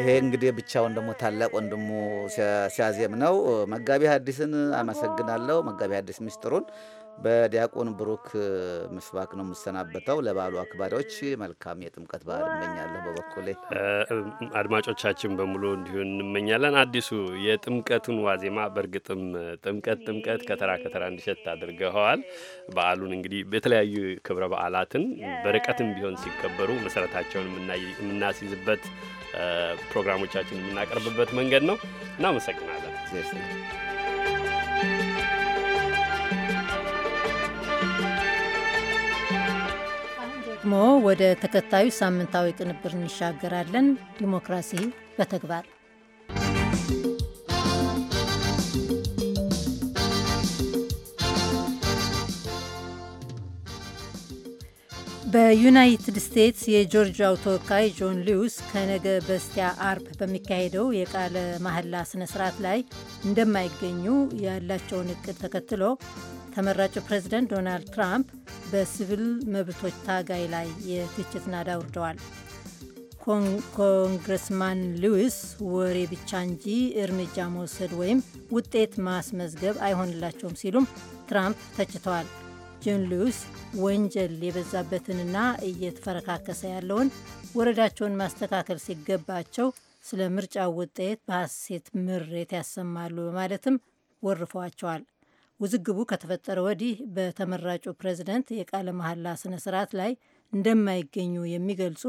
ይሄ እንግዲህ ብቻውን ደግሞ ታላቅ ወንድሙ ሲያዜም ነው። መጋቢ ሐዲስን አመሰግናለሁ። መጋቢ ሐዲስ ምስጢሩን በዲያቆን ብሩክ ምስባክ ነው የምሰናበተው። ለባሉ አክባሪዎች መልካም የጥምቀት በዓል እመኛለሁ በበኩሌ። አድማጮቻችን በሙሉ እንዲሁን እንመኛለን። አዲሱ የጥምቀቱን ዋዜማ በእርግጥም ጥምቀት ጥምቀት ከተራ ከተራ እንዲሸት አድርገኸዋል። በዓሉን እንግዲህ በተለያዩ ክብረ በዓላትን በርቀትም ቢሆን ሲከበሩ መሰረታቸውን የምናስይዝበት ፕሮግራሞቻችን የምናቀርብበት መንገድ ነው። እናመሰግናለን። ወደ ተከታዩ ሳምንታዊ ቅንብር እንሻገራለን። ዲሞክራሲ በተግባር በዩናይትድ ስቴትስ የጆርጂያው ተወካይ ጆን ሊውስ ከነገ በስቲያ አርብ በሚካሄደው የቃለ መሐላ ስነ ስርዓት ላይ እንደማይገኙ ያላቸውን እቅድ ተከትሎ ተመራጩ ፕሬዚደንት ዶናልድ ትራምፕ በሲቪል መብቶች ታጋይ ላይ የትችት ናዳ አውርደዋል። ኮንግረስማን ሉዊስ ወሬ ብቻ እንጂ እርምጃ መውሰድ ወይም ውጤት ማስመዝገብ አይሆንላቸውም ሲሉም ትራምፕ ተችተዋል። ጆን ሉዊስ ወንጀል የበዛበትንና እየተፈረካከሰ ያለውን ወረዳቸውን ማስተካከል ሲገባቸው ስለ ምርጫ ውጤት በሐሴት ምሬት ያሰማሉ በማለትም ወርፈዋቸዋል። ውዝግቡ ከተፈጠረ ወዲህ በተመራጩ ፕሬዝደንት የቃለ መሐላ ስነ ስርዓት ላይ እንደማይገኙ የሚገልጹ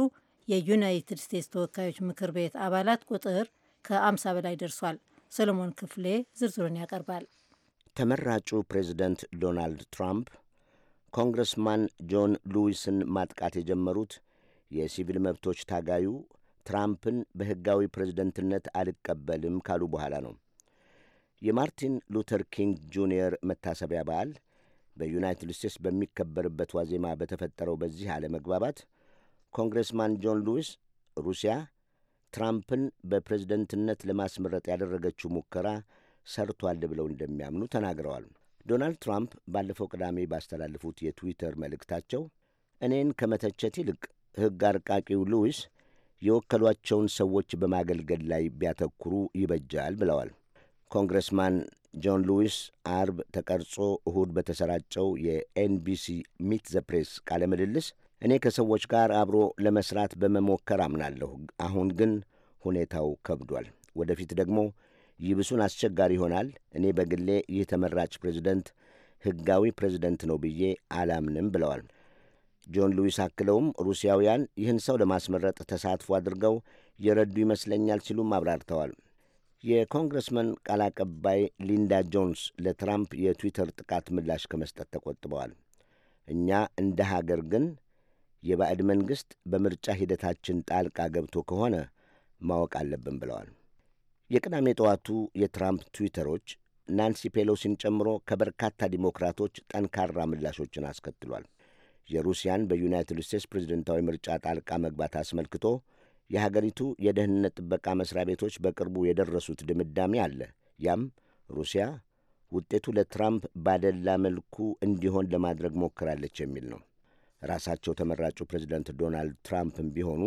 የዩናይትድ ስቴትስ ተወካዮች ምክር ቤት አባላት ቁጥር ከአምሳ በላይ ደርሷል። ሰለሞን ክፍሌ ዝርዝሩን ያቀርባል። ተመራጩ ፕሬዝደንት ዶናልድ ትራምፕ ኮንግረስማን ጆን ሉዊስን ማጥቃት የጀመሩት የሲቪል መብቶች ታጋዩ ትራምፕን በሕጋዊ ፕሬዝደንትነት አልቀበልም ካሉ በኋላ ነው። የማርቲን ሉተር ኪንግ ጁኒየር መታሰቢያ በዓል በዩናይትድ ስቴትስ በሚከበርበት ዋዜማ በተፈጠረው በዚህ አለመግባባት ኮንግሬስማን ጆን ሉዊስ ሩሲያ ትራምፕን በፕሬዝደንትነት ለማስመረጥ ያደረገችው ሙከራ ሰርቷል ብለው እንደሚያምኑ ተናግረዋል። ዶናልድ ትራምፕ ባለፈው ቅዳሜ ባስተላለፉት የትዊተር መልእክታቸው እኔን ከመተቸት ይልቅ ሕግ አርቃቂው ሉዊስ የወከሏቸውን ሰዎች በማገልገል ላይ ቢያተኩሩ ይበጃል ብለዋል። ኮንግረስማን ጆን ሉዊስ አርብ ተቀርጾ እሁድ በተሰራጨው የኤንቢሲ ሚት ዘ ፕሬስ ቃለ ምልልስ እኔ ከሰዎች ጋር አብሮ ለመስራት በመሞከር አምናለሁ፣ አሁን ግን ሁኔታው ከብዷል፣ ወደፊት ደግሞ ይብሱን አስቸጋሪ ይሆናል። እኔ በግሌ ይህ ተመራጭ ፕሬዚደንት ሕጋዊ ፕሬዚደንት ነው ብዬ አላምንም ብለዋል። ጆን ሉዊስ አክለውም ሩሲያውያን ይህን ሰው ለማስመረጥ ተሳትፎ አድርገው የረዱ ይመስለኛል ሲሉም አብራርተዋል። የኮንግረስመን ቃል አቀባይ ሊንዳ ጆንስ ለትራምፕ የትዊተር ጥቃት ምላሽ ከመስጠት ተቆጥበዋል። እኛ እንደ ሀገር ግን የባዕድ መንግሥት በምርጫ ሂደታችን ጣልቃ ገብቶ ከሆነ ማወቅ አለብን ብለዋል። የቅዳሜ ጠዋቱ የትራምፕ ትዊተሮች ናንሲ ፔሎሲን ጨምሮ ከበርካታ ዲሞክራቶች ጠንካራ ምላሾችን አስከትሏል። የሩሲያን በዩናይትድ ስቴትስ ፕሬዝደንታዊ ምርጫ ጣልቃ መግባት አስመልክቶ የሀገሪቱ የደህንነት ጥበቃ መስሪያ ቤቶች በቅርቡ የደረሱት ድምዳሜ አለ። ያም ሩሲያ ውጤቱ ለትራምፕ ባደላ መልኩ እንዲሆን ለማድረግ ሞክራለች የሚል ነው። ራሳቸው ተመራጩ ፕሬዚደንት ዶናልድ ትራምፕም ቢሆኑ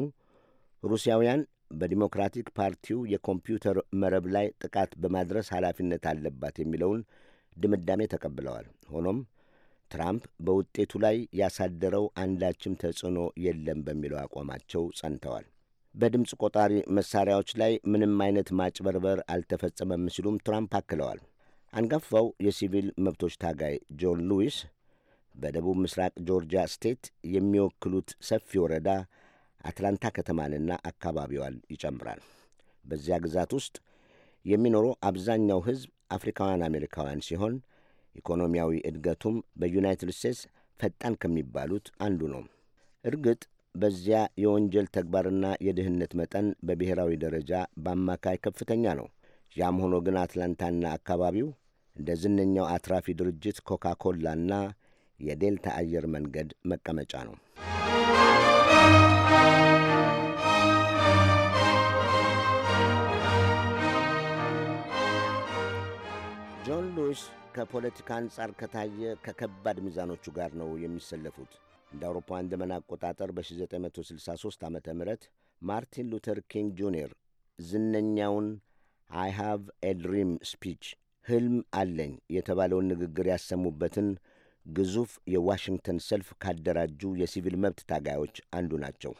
ሩሲያውያን በዲሞክራቲክ ፓርቲው የኮምፒውተር መረብ ላይ ጥቃት በማድረስ ኃላፊነት አለባት የሚለውን ድምዳሜ ተቀብለዋል። ሆኖም ትራምፕ በውጤቱ ላይ ያሳደረው አንዳችም ተጽዕኖ የለም በሚለው አቋማቸው ጸንተዋል። በድምፅ ቆጣሪ መሳሪያዎች ላይ ምንም አይነት ማጭበርበር አልተፈጸመም ሲሉም ትራምፕ አክለዋል። አንጋፋው የሲቪል መብቶች ታጋይ ጆን ሉዊስ በደቡብ ምስራቅ ጆርጂያ ስቴት የሚወክሉት ሰፊ ወረዳ አትላንታ ከተማንና አካባቢዋን ይጨምራል። በዚያ ግዛት ውስጥ የሚኖሩ አብዛኛው ሕዝብ አፍሪካውያን አሜሪካውያን ሲሆን ኢኮኖሚያዊ እድገቱም በዩናይትድ ስቴትስ ፈጣን ከሚባሉት አንዱ ነው። እርግጥ በዚያ የወንጀል ተግባርና የድህነት መጠን በብሔራዊ ደረጃ በአማካይ ከፍተኛ ነው። ያም ሆኖ ግን አትላንታና አካባቢው እንደ ዝነኛው አትራፊ ድርጅት ኮካ ኮላና የዴልታ አየር መንገድ መቀመጫ ነው። ጆን ሉዊስ ከፖለቲካ አንጻር ከታየ ከከባድ ሚዛኖቹ ጋር ነው የሚሰለፉት። እንደ አውሮፓውያን ዘመን አቆጣጠር በ1963 ዓ ም ማርቲን ሉተር ኪንግ ጁኒየር ዝነኛውን አይ ሃቭ ኤ ድሪም ስፒች ህልም አለኝ የተባለውን ንግግር ያሰሙበትን ግዙፍ የዋሽንግተን ሰልፍ ካደራጁ የሲቪል መብት ታጋዮች አንዱ ናቸው።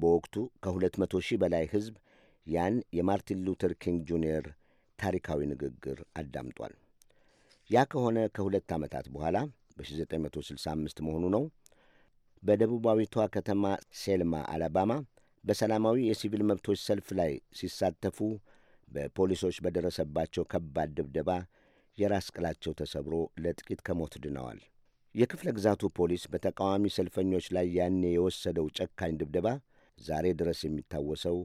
በወቅቱ ከ200 ሺህ በላይ ሕዝብ ያን የማርቲን ሉተር ኪንግ ጁኒየር ታሪካዊ ንግግር አዳምጧል። ያ ከሆነ ከሁለት ዓመታት በኋላ በ1965 መሆኑ ነው በደቡባዊቷ ከተማ ሴልማ አላባማ በሰላማዊ የሲቪል መብቶች ሰልፍ ላይ ሲሳተፉ በፖሊሶች በደረሰባቸው ከባድ ድብደባ የራስ ቅላቸው ተሰብሮ ለጥቂት ከሞት ድነዋል። የክፍለ ግዛቱ ፖሊስ በተቃዋሚ ሰልፈኞች ላይ ያኔ የወሰደው ጨካኝ ድብደባ ዛሬ ድረስ የሚታወሰው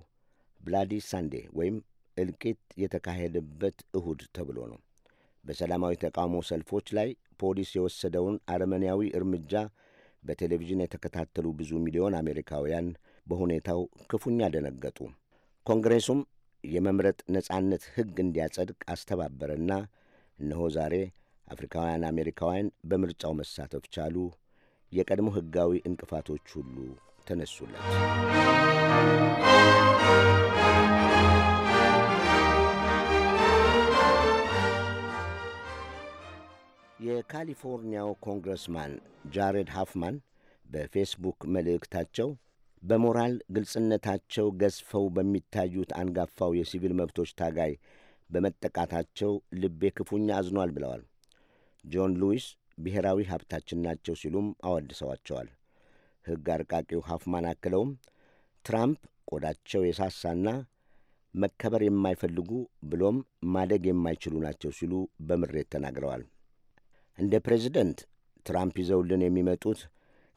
ብላዲ ሳንዴ ወይም እልቂት የተካሄደበት እሁድ ተብሎ ነው። በሰላማዊ ተቃውሞ ሰልፎች ላይ ፖሊስ የወሰደውን አረመኔያዊ እርምጃ በቴሌቪዥን የተከታተሉ ብዙ ሚሊዮን አሜሪካውያን በሁኔታው ክፉኛ ደነገጡ። ኮንግሬሱም የመምረጥ ነጻነት ሕግ እንዲያጸድቅ አስተባበረና እነሆ ዛሬ አፍሪካውያን አሜሪካውያን በምርጫው መሳተፍ ቻሉ። የቀድሞ ሕጋዊ እንቅፋቶች ሁሉ ተነሱለት። የካሊፎርኒያው ኮንግረስማን ጃሬድ ሃፍማን በፌስቡክ መልእክታቸው በሞራል ግልጽነታቸው ገዝፈው በሚታዩት አንጋፋው የሲቪል መብቶች ታጋይ በመጠቃታቸው ልቤ ክፉኛ አዝኗል ብለዋል። ጆን ሉዊስ ብሔራዊ ሀብታችን ናቸው ሲሉም አወድሰዋቸዋል። ሕግ አርቃቂው ሃፍማን አክለውም ትራምፕ ቆዳቸው የሳሳና መከበር የማይፈልጉ ብሎም ማደግ የማይችሉ ናቸው ሲሉ በምሬት ተናግረዋል። እንደ ፕሬዚደንት ትራምፕ ይዘውልን የሚመጡት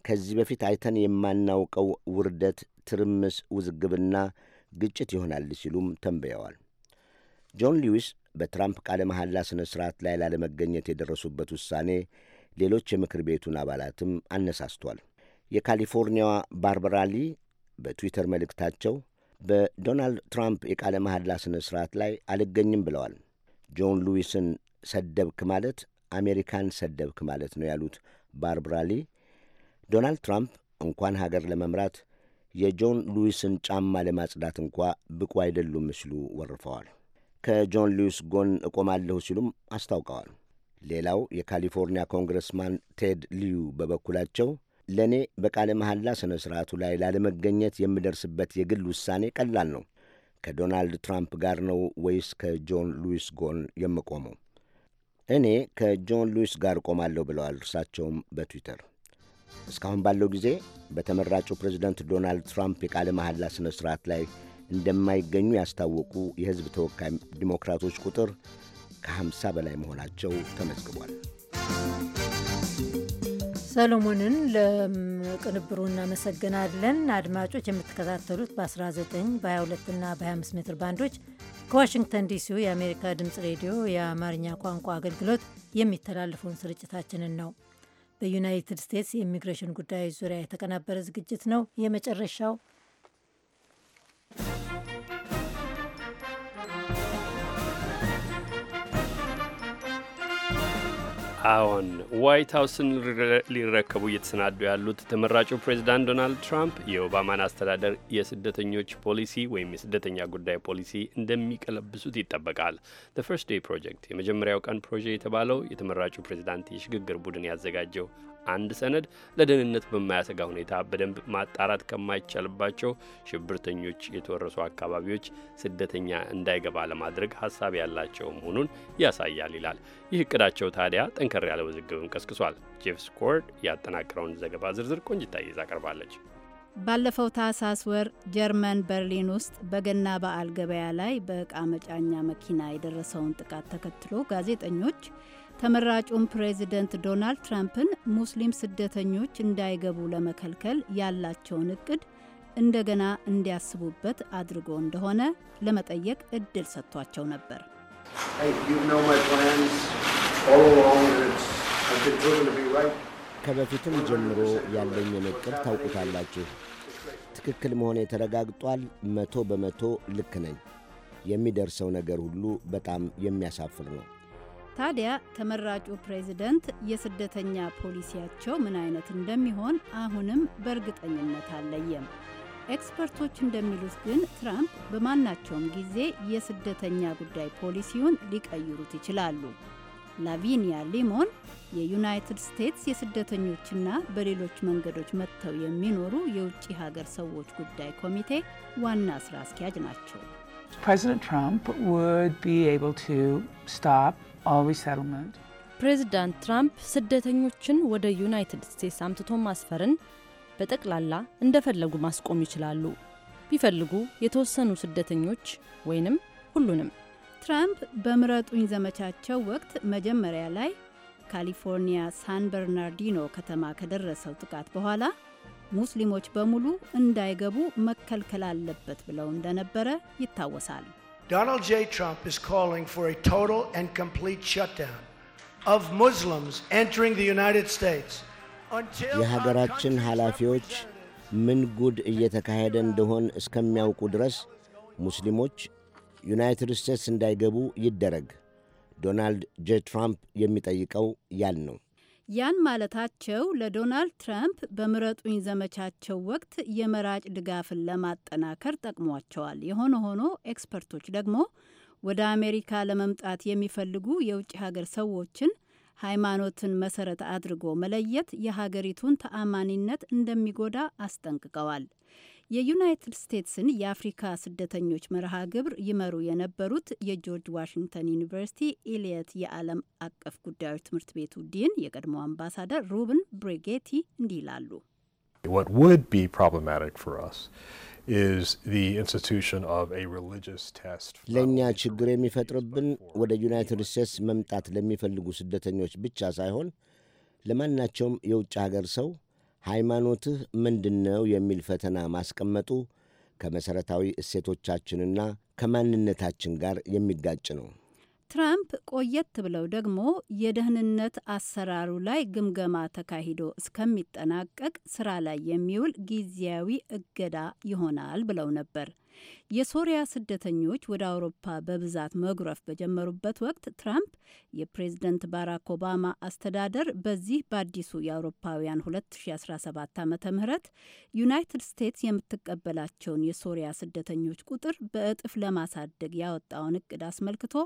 ከዚህ በፊት አይተን የማናውቀው ውርደት፣ ትርምስ፣ ውዝግብና ግጭት ይሆናል ሲሉም ተንብየዋል። ጆን ሊዊስ በትራምፕ ቃለ መሐላ ሥነ ሥርዓት ላይ ላለመገኘት የደረሱበት ውሳኔ ሌሎች የምክር ቤቱን አባላትም አነሳስቷል። የካሊፎርኒያዋ ባርበራ ሊ በትዊተር መልእክታቸው በዶናልድ ትራምፕ የቃለ መሐላ ሥነ ሥርዓት ላይ አልገኝም ብለዋል። ጆን ሉዊስን ሰደብክ ማለት አሜሪካን ሰደብክ ማለት ነው ያሉት ባርብራ ሊ ዶናልድ ትራምፕ እንኳን ሀገር ለመምራት የጆን ሉዊስን ጫማ ለማጽዳት እንኳ ብቁ አይደሉም ሲሉ ወርፈዋል። ከጆን ሉዊስ ጎን እቆማለሁ ሲሉም አስታውቀዋል። ሌላው የካሊፎርኒያ ኮንግረስማን ቴድ ሊዩ በበኩላቸው ለእኔ በቃለ መሐላ ሥነ ሥርዓቱ ላይ ላለመገኘት የምደርስበት የግል ውሳኔ ቀላል ነው። ከዶናልድ ትራምፕ ጋር ነው ወይስ ከጆን ሉዊስ ጎን የምቆመው? እኔ ከጆን ሉዊስ ጋር ቆማለሁ ብለዋል። እርሳቸውም በትዊተር እስካሁን ባለው ጊዜ በተመራጩ ፕሬዚደንት ዶናልድ ትራምፕ የቃለ መሐላ ሥነ ሥርዓት ላይ እንደማይገኙ ያስታወቁ የሕዝብ ተወካይ ዲሞክራቶች ቁጥር ከ50 በላይ መሆናቸው ተመዝግቧል። ሰሎሞንን ለቅንብሩ እናመሰግናለን። አድማጮች የምትከታተሉት በ19 በ22 እና በ25 ሜትር ባንዶች ከዋሽንግተን ዲሲው የአሜሪካ ድምፅ ሬዲዮ የአማርኛ ቋንቋ አገልግሎት የሚተላለፈውን ስርጭታችንን ነው። በዩናይትድ ስቴትስ የኢሚግሬሽን ጉዳዮች ዙሪያ የተቀናበረ ዝግጅት ነው። የመጨረሻው አዎን ዋይት ሀውስን ሊረከቡ እየተሰናዱ ያሉት ተመራጩ ፕሬዚዳንት ዶናልድ ትራምፕ የኦባማን አስተዳደር የስደተኞች ፖሊሲ ወይም የስደተኛ ጉዳይ ፖሊሲ እንደሚቀለብሱት ይጠበቃል። ዘ ፈርስት ዴይ ፕሮጀክት የመጀመሪያው ቀን ፕሮጀ የተባለው የተመራጩ ፕሬዚዳንት የሽግግር ቡድን ያዘጋጀው አንድ ሰነድ ለደህንነት በማያሰጋ ሁኔታ በደንብ ማጣራት ከማይቻልባቸው ሽብርተኞች የተወረሱ አካባቢዎች ስደተኛ እንዳይገባ ለማድረግ ሀሳብ ያላቸው መሆኑን ያሳያል ይላል። ይህ እቅዳቸው ታዲያ ጠንከር ያለ ውዝግብም ቀስቅሷል። ጄፍ ስኮርድ ያጠናቀረውን ዘገባ ዝርዝር ቆንጅታ ይዛ ቀርባለች። ባለፈው ታህሳስ ወር ጀርመን በርሊን ውስጥ በገና በዓል ገበያ ላይ በእቃ መጫኛ መኪና የደረሰውን ጥቃት ተከትሎ ጋዜጠኞች ተመራጩን ፕሬዚደንት ዶናልድ ትራምፕን ሙስሊም ስደተኞች እንዳይገቡ ለመከልከል ያላቸውን እቅድ እንደገና እንዲያስቡበት አድርጎ እንደሆነ ለመጠየቅ እድል ሰጥቷቸው ነበር። ከበፊትም ጀምሮ ያለኝን እቅድ ታውቁታላችሁ። ትክክል መሆኔ ተረጋግጧል። መቶ በመቶ ልክ ነኝ። የሚደርሰው ነገር ሁሉ በጣም የሚያሳፍር ነው። ታዲያ ተመራጩ ፕሬዝደንት የስደተኛ ፖሊሲያቸው ምን አይነት እንደሚሆን አሁንም በእርግጠኝነት አለየም። ኤክስፐርቶች እንደሚሉት ግን ትራምፕ በማናቸውም ጊዜ የስደተኛ ጉዳይ ፖሊሲውን ሊቀይሩት ይችላሉ። ላቪኒያ ሊሞን የዩናይትድ ስቴትስ የስደተኞችና በሌሎች መንገዶች መጥተው የሚኖሩ የውጭ ሀገር ሰዎች ጉዳይ ኮሚቴ ዋና ስራ አስኪያጅ ናቸው። ፕሬዚደንት ትራምፕ ፕሬዚዳንት ትራምፕ ስደተኞችን ወደ ዩናይትድ ስቴትስ አምትቶ ማስፈርን በጠቅላላ እንደፈለጉ ማስቆም ይችላሉ። ቢፈልጉ የተወሰኑ ስደተኞች ወይንም ሁሉንም። ትራምፕ በምረጡኝ ዘመቻቸው ወቅት መጀመሪያ ላይ ካሊፎርኒያ ሳን በርናርዲኖ ከተማ ከደረሰው ጥቃት በኋላ ሙስሊሞች በሙሉ እንዳይገቡ መከልከል አለበት ብለው እንደነበረ ይታወሳል። Donald J. Trump is calling for a total and complete shutdown of Muslims entering the United States until የሀገራችን ኃላፊዎች ምን ጉድ እየተካሄደ እንደሆን እስከሚያውቁ ድረስ ሙስሊሞች ዩናይትድ ስቴትስ እንዳይገቡ ይደረግ። ዶናልድ ጄ ትራምፕ የሚጠይቀው ያን ነው። ያን ማለታቸው ለዶናልድ ትራምፕ በምረጡኝ ዘመቻቸው ወቅት የመራጭ ድጋፍን ለማጠናከር ጠቅሟቸዋል። የሆነ ሆኖ ኤክስፐርቶች ደግሞ ወደ አሜሪካ ለመምጣት የሚፈልጉ የውጭ ሀገር ሰዎችን ሃይማኖትን መሰረት አድርጎ መለየት የሀገሪቱን ተአማኒነት እንደሚጎዳ አስጠንቅቀዋል። የዩናይትድ ስቴትስን የአፍሪካ ስደተኞች መርሃ ግብር ይመሩ የነበሩት የጆርጅ ዋሽንግተን ዩኒቨርሲቲ ኢሊየት የዓለም አቀፍ ጉዳዮች ትምህርት ቤቱ ዲን የቀድሞ አምባሳደር ሩብን ብሬጌቲ እንዲህ ይላሉ። ለእኛ ችግር የሚፈጥርብን ወደ ዩናይትድ ስቴትስ መምጣት ለሚፈልጉ ስደተኞች ብቻ ሳይሆን ለማናቸውም የውጭ ሀገር ሰው ሃይማኖትህ ምንድን ነው የሚል ፈተና ማስቀመጡ ከመሠረታዊ እሴቶቻችንና ከማንነታችን ጋር የሚጋጭ ነው። ትራምፕ ቆየት ብለው ደግሞ የደህንነት አሰራሩ ላይ ግምገማ ተካሂዶ እስከሚጠናቀቅ ስራ ላይ የሚውል ጊዜያዊ እገዳ ይሆናል ብለው ነበር። የሶሪያ ስደተኞች ወደ አውሮፓ በብዛት መጉረፍ በጀመሩበት ወቅት ትራምፕ የፕሬዝደንት ባራክ ኦባማ አስተዳደር በዚህ በአዲሱ የአውሮፓውያን 2017 ዓ ም ዩናይትድ ስቴትስ የምትቀበላቸውን የሶሪያ ስደተኞች ቁጥር በእጥፍ ለማሳደግ ያወጣውን እቅድ አስመልክቶ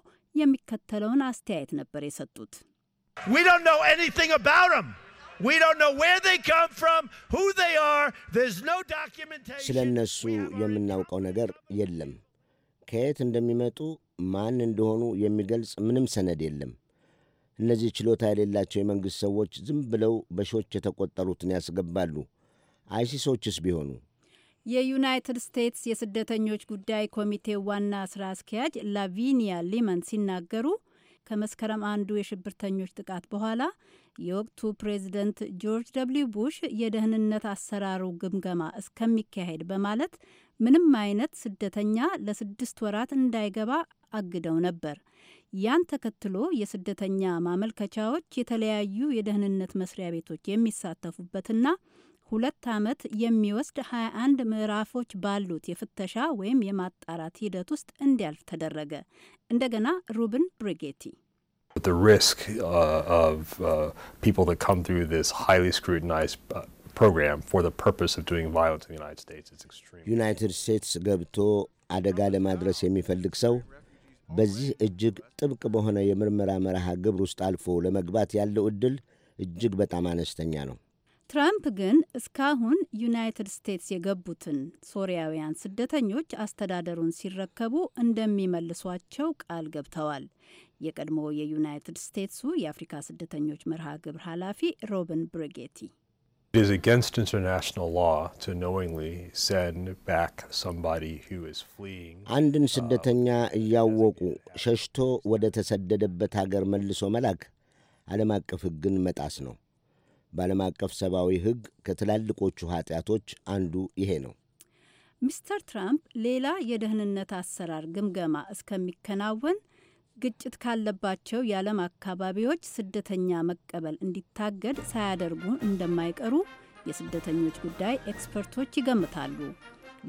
የሚከተለውን አስተያየት ነበር የሰጡት። We don't know anything about them. We don't know where they come from, who they are. There's no documentation. ስለ እነሱ የምናውቀው ነገር የለም። ከየት እንደሚመጡ ማን እንደሆኑ የሚገልጽ ምንም ሰነድ የለም። እነዚህ ችሎታ የሌላቸው የመንግሥት ሰዎች ዝም ብለው በሺዎች የተቆጠሩትን ያስገባሉ። አይሲሶችስ ቢሆኑ የዩናይትድ ስቴትስ የስደተኞች ጉዳይ ኮሚቴ ዋና ስራ አስኪያጅ ላቪኒያ ሊመን ሲናገሩ ከመስከረም አንዱ የሽብርተኞች ጥቃት በኋላ የወቅቱ ፕሬዚደንት ጆርጅ ደብሊ ቡሽ የደህንነት አሰራሩ ግምገማ እስከሚካሄድ በማለት ምንም አይነት ስደተኛ ለስድስት ወራት እንዳይገባ አግደው ነበር። ያን ተከትሎ የስደተኛ ማመልከቻዎች የተለያዩ የደህንነት መስሪያ ቤቶች የሚሳተፉበትና ሁለት ዓመት የሚወስድ 21 ምዕራፎች ባሉት የፍተሻ ወይም የማጣራት ሂደት ውስጥ እንዲያልፍ ተደረገ። እንደገና ሩብን ብሪጌቲ The risk uh, of uh, people that come through this highly scrutinized uh, program for the purpose of doing violence in the United States is extreme. ዩናይትድ ስቴትስ ገብቶ አደጋ ለማድረስ የሚፈልግ ሰው በዚህ እጅግ ጥብቅ በሆነ የምርመራ መርሃ ግብር ውስጥ አልፎ ለመግባት ያለው እድል እጅግ በጣም አነስተኛ ነው። ትራምፕ ግን እስካሁን ዩናይትድ ስቴትስ የገቡትን ሶሪያውያን ስደተኞች አስተዳደሩን ሲረከቡ እንደሚመልሷቸው ቃል ገብተዋል። የቀድሞ የዩናይትድ ስቴትሱ የአፍሪካ ስደተኞች መርሃ ግብር ኃላፊ ሮብን ብሪጌቲ አንድን ስደተኛ እያወቁ ሸሽቶ ወደ ተሰደደበት አገር መልሶ መላክ ዓለም አቀፍ ሕግን መጣስ ነው። በዓለም አቀፍ ሰብአዊ ሕግ ከትላልቆቹ ኃጢአቶች አንዱ ይሄ ነው። ሚስተር ትራምፕ ሌላ የደህንነት አሰራር ግምገማ እስከሚከናወን ግጭት ካለባቸው የዓለም አካባቢዎች ስደተኛ መቀበል እንዲታገድ ሳያደርጉ እንደማይቀሩ የስደተኞች ጉዳይ ኤክስፐርቶች ይገምታሉ።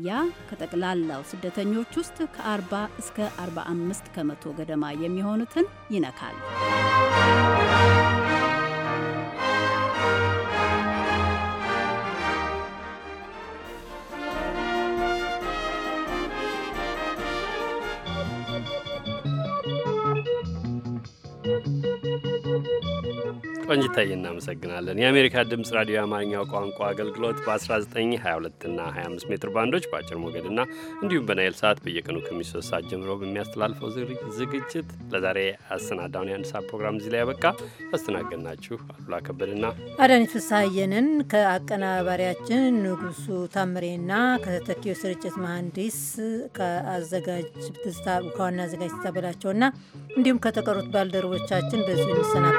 ያ ከጠቅላላው ስደተኞች ውስጥ ከ40 እስከ 45 ከመቶ ገደማ የሚሆኑትን ይነካል። ቆንጅታዬ እናመሰግናለን። የአሜሪካ ድምፅ ራዲዮ የአማርኛው ቋንቋ አገልግሎት በ1922 እና 25 ሜትር ባንዶች በአጭር ሞገድ ሞገድና እንዲሁም በናይል ሰዓት በየቀኑ ከምሽቱ ሶስት ሰዓት ጀምሮ በሚያስተላልፈው ዝግጅት ለዛሬ አሰናዳውን የአንድ ሰዓት ፕሮግራም እዚህ ላይ ያበቃ። ያስተናገድናችሁ አሉላ ከበድና አዳኒት ፍስሐየንን ከአቀናባሪያችን ንጉሱ ታምሬና ከተተኪው ስርጭት መሐንዲስ ከአዘጋጅ ከዋና አዘጋጅ ተበላቸውና እንዲሁም ከተቀሩት ባልደረቦቻችን በዚሁ እንሰናበት።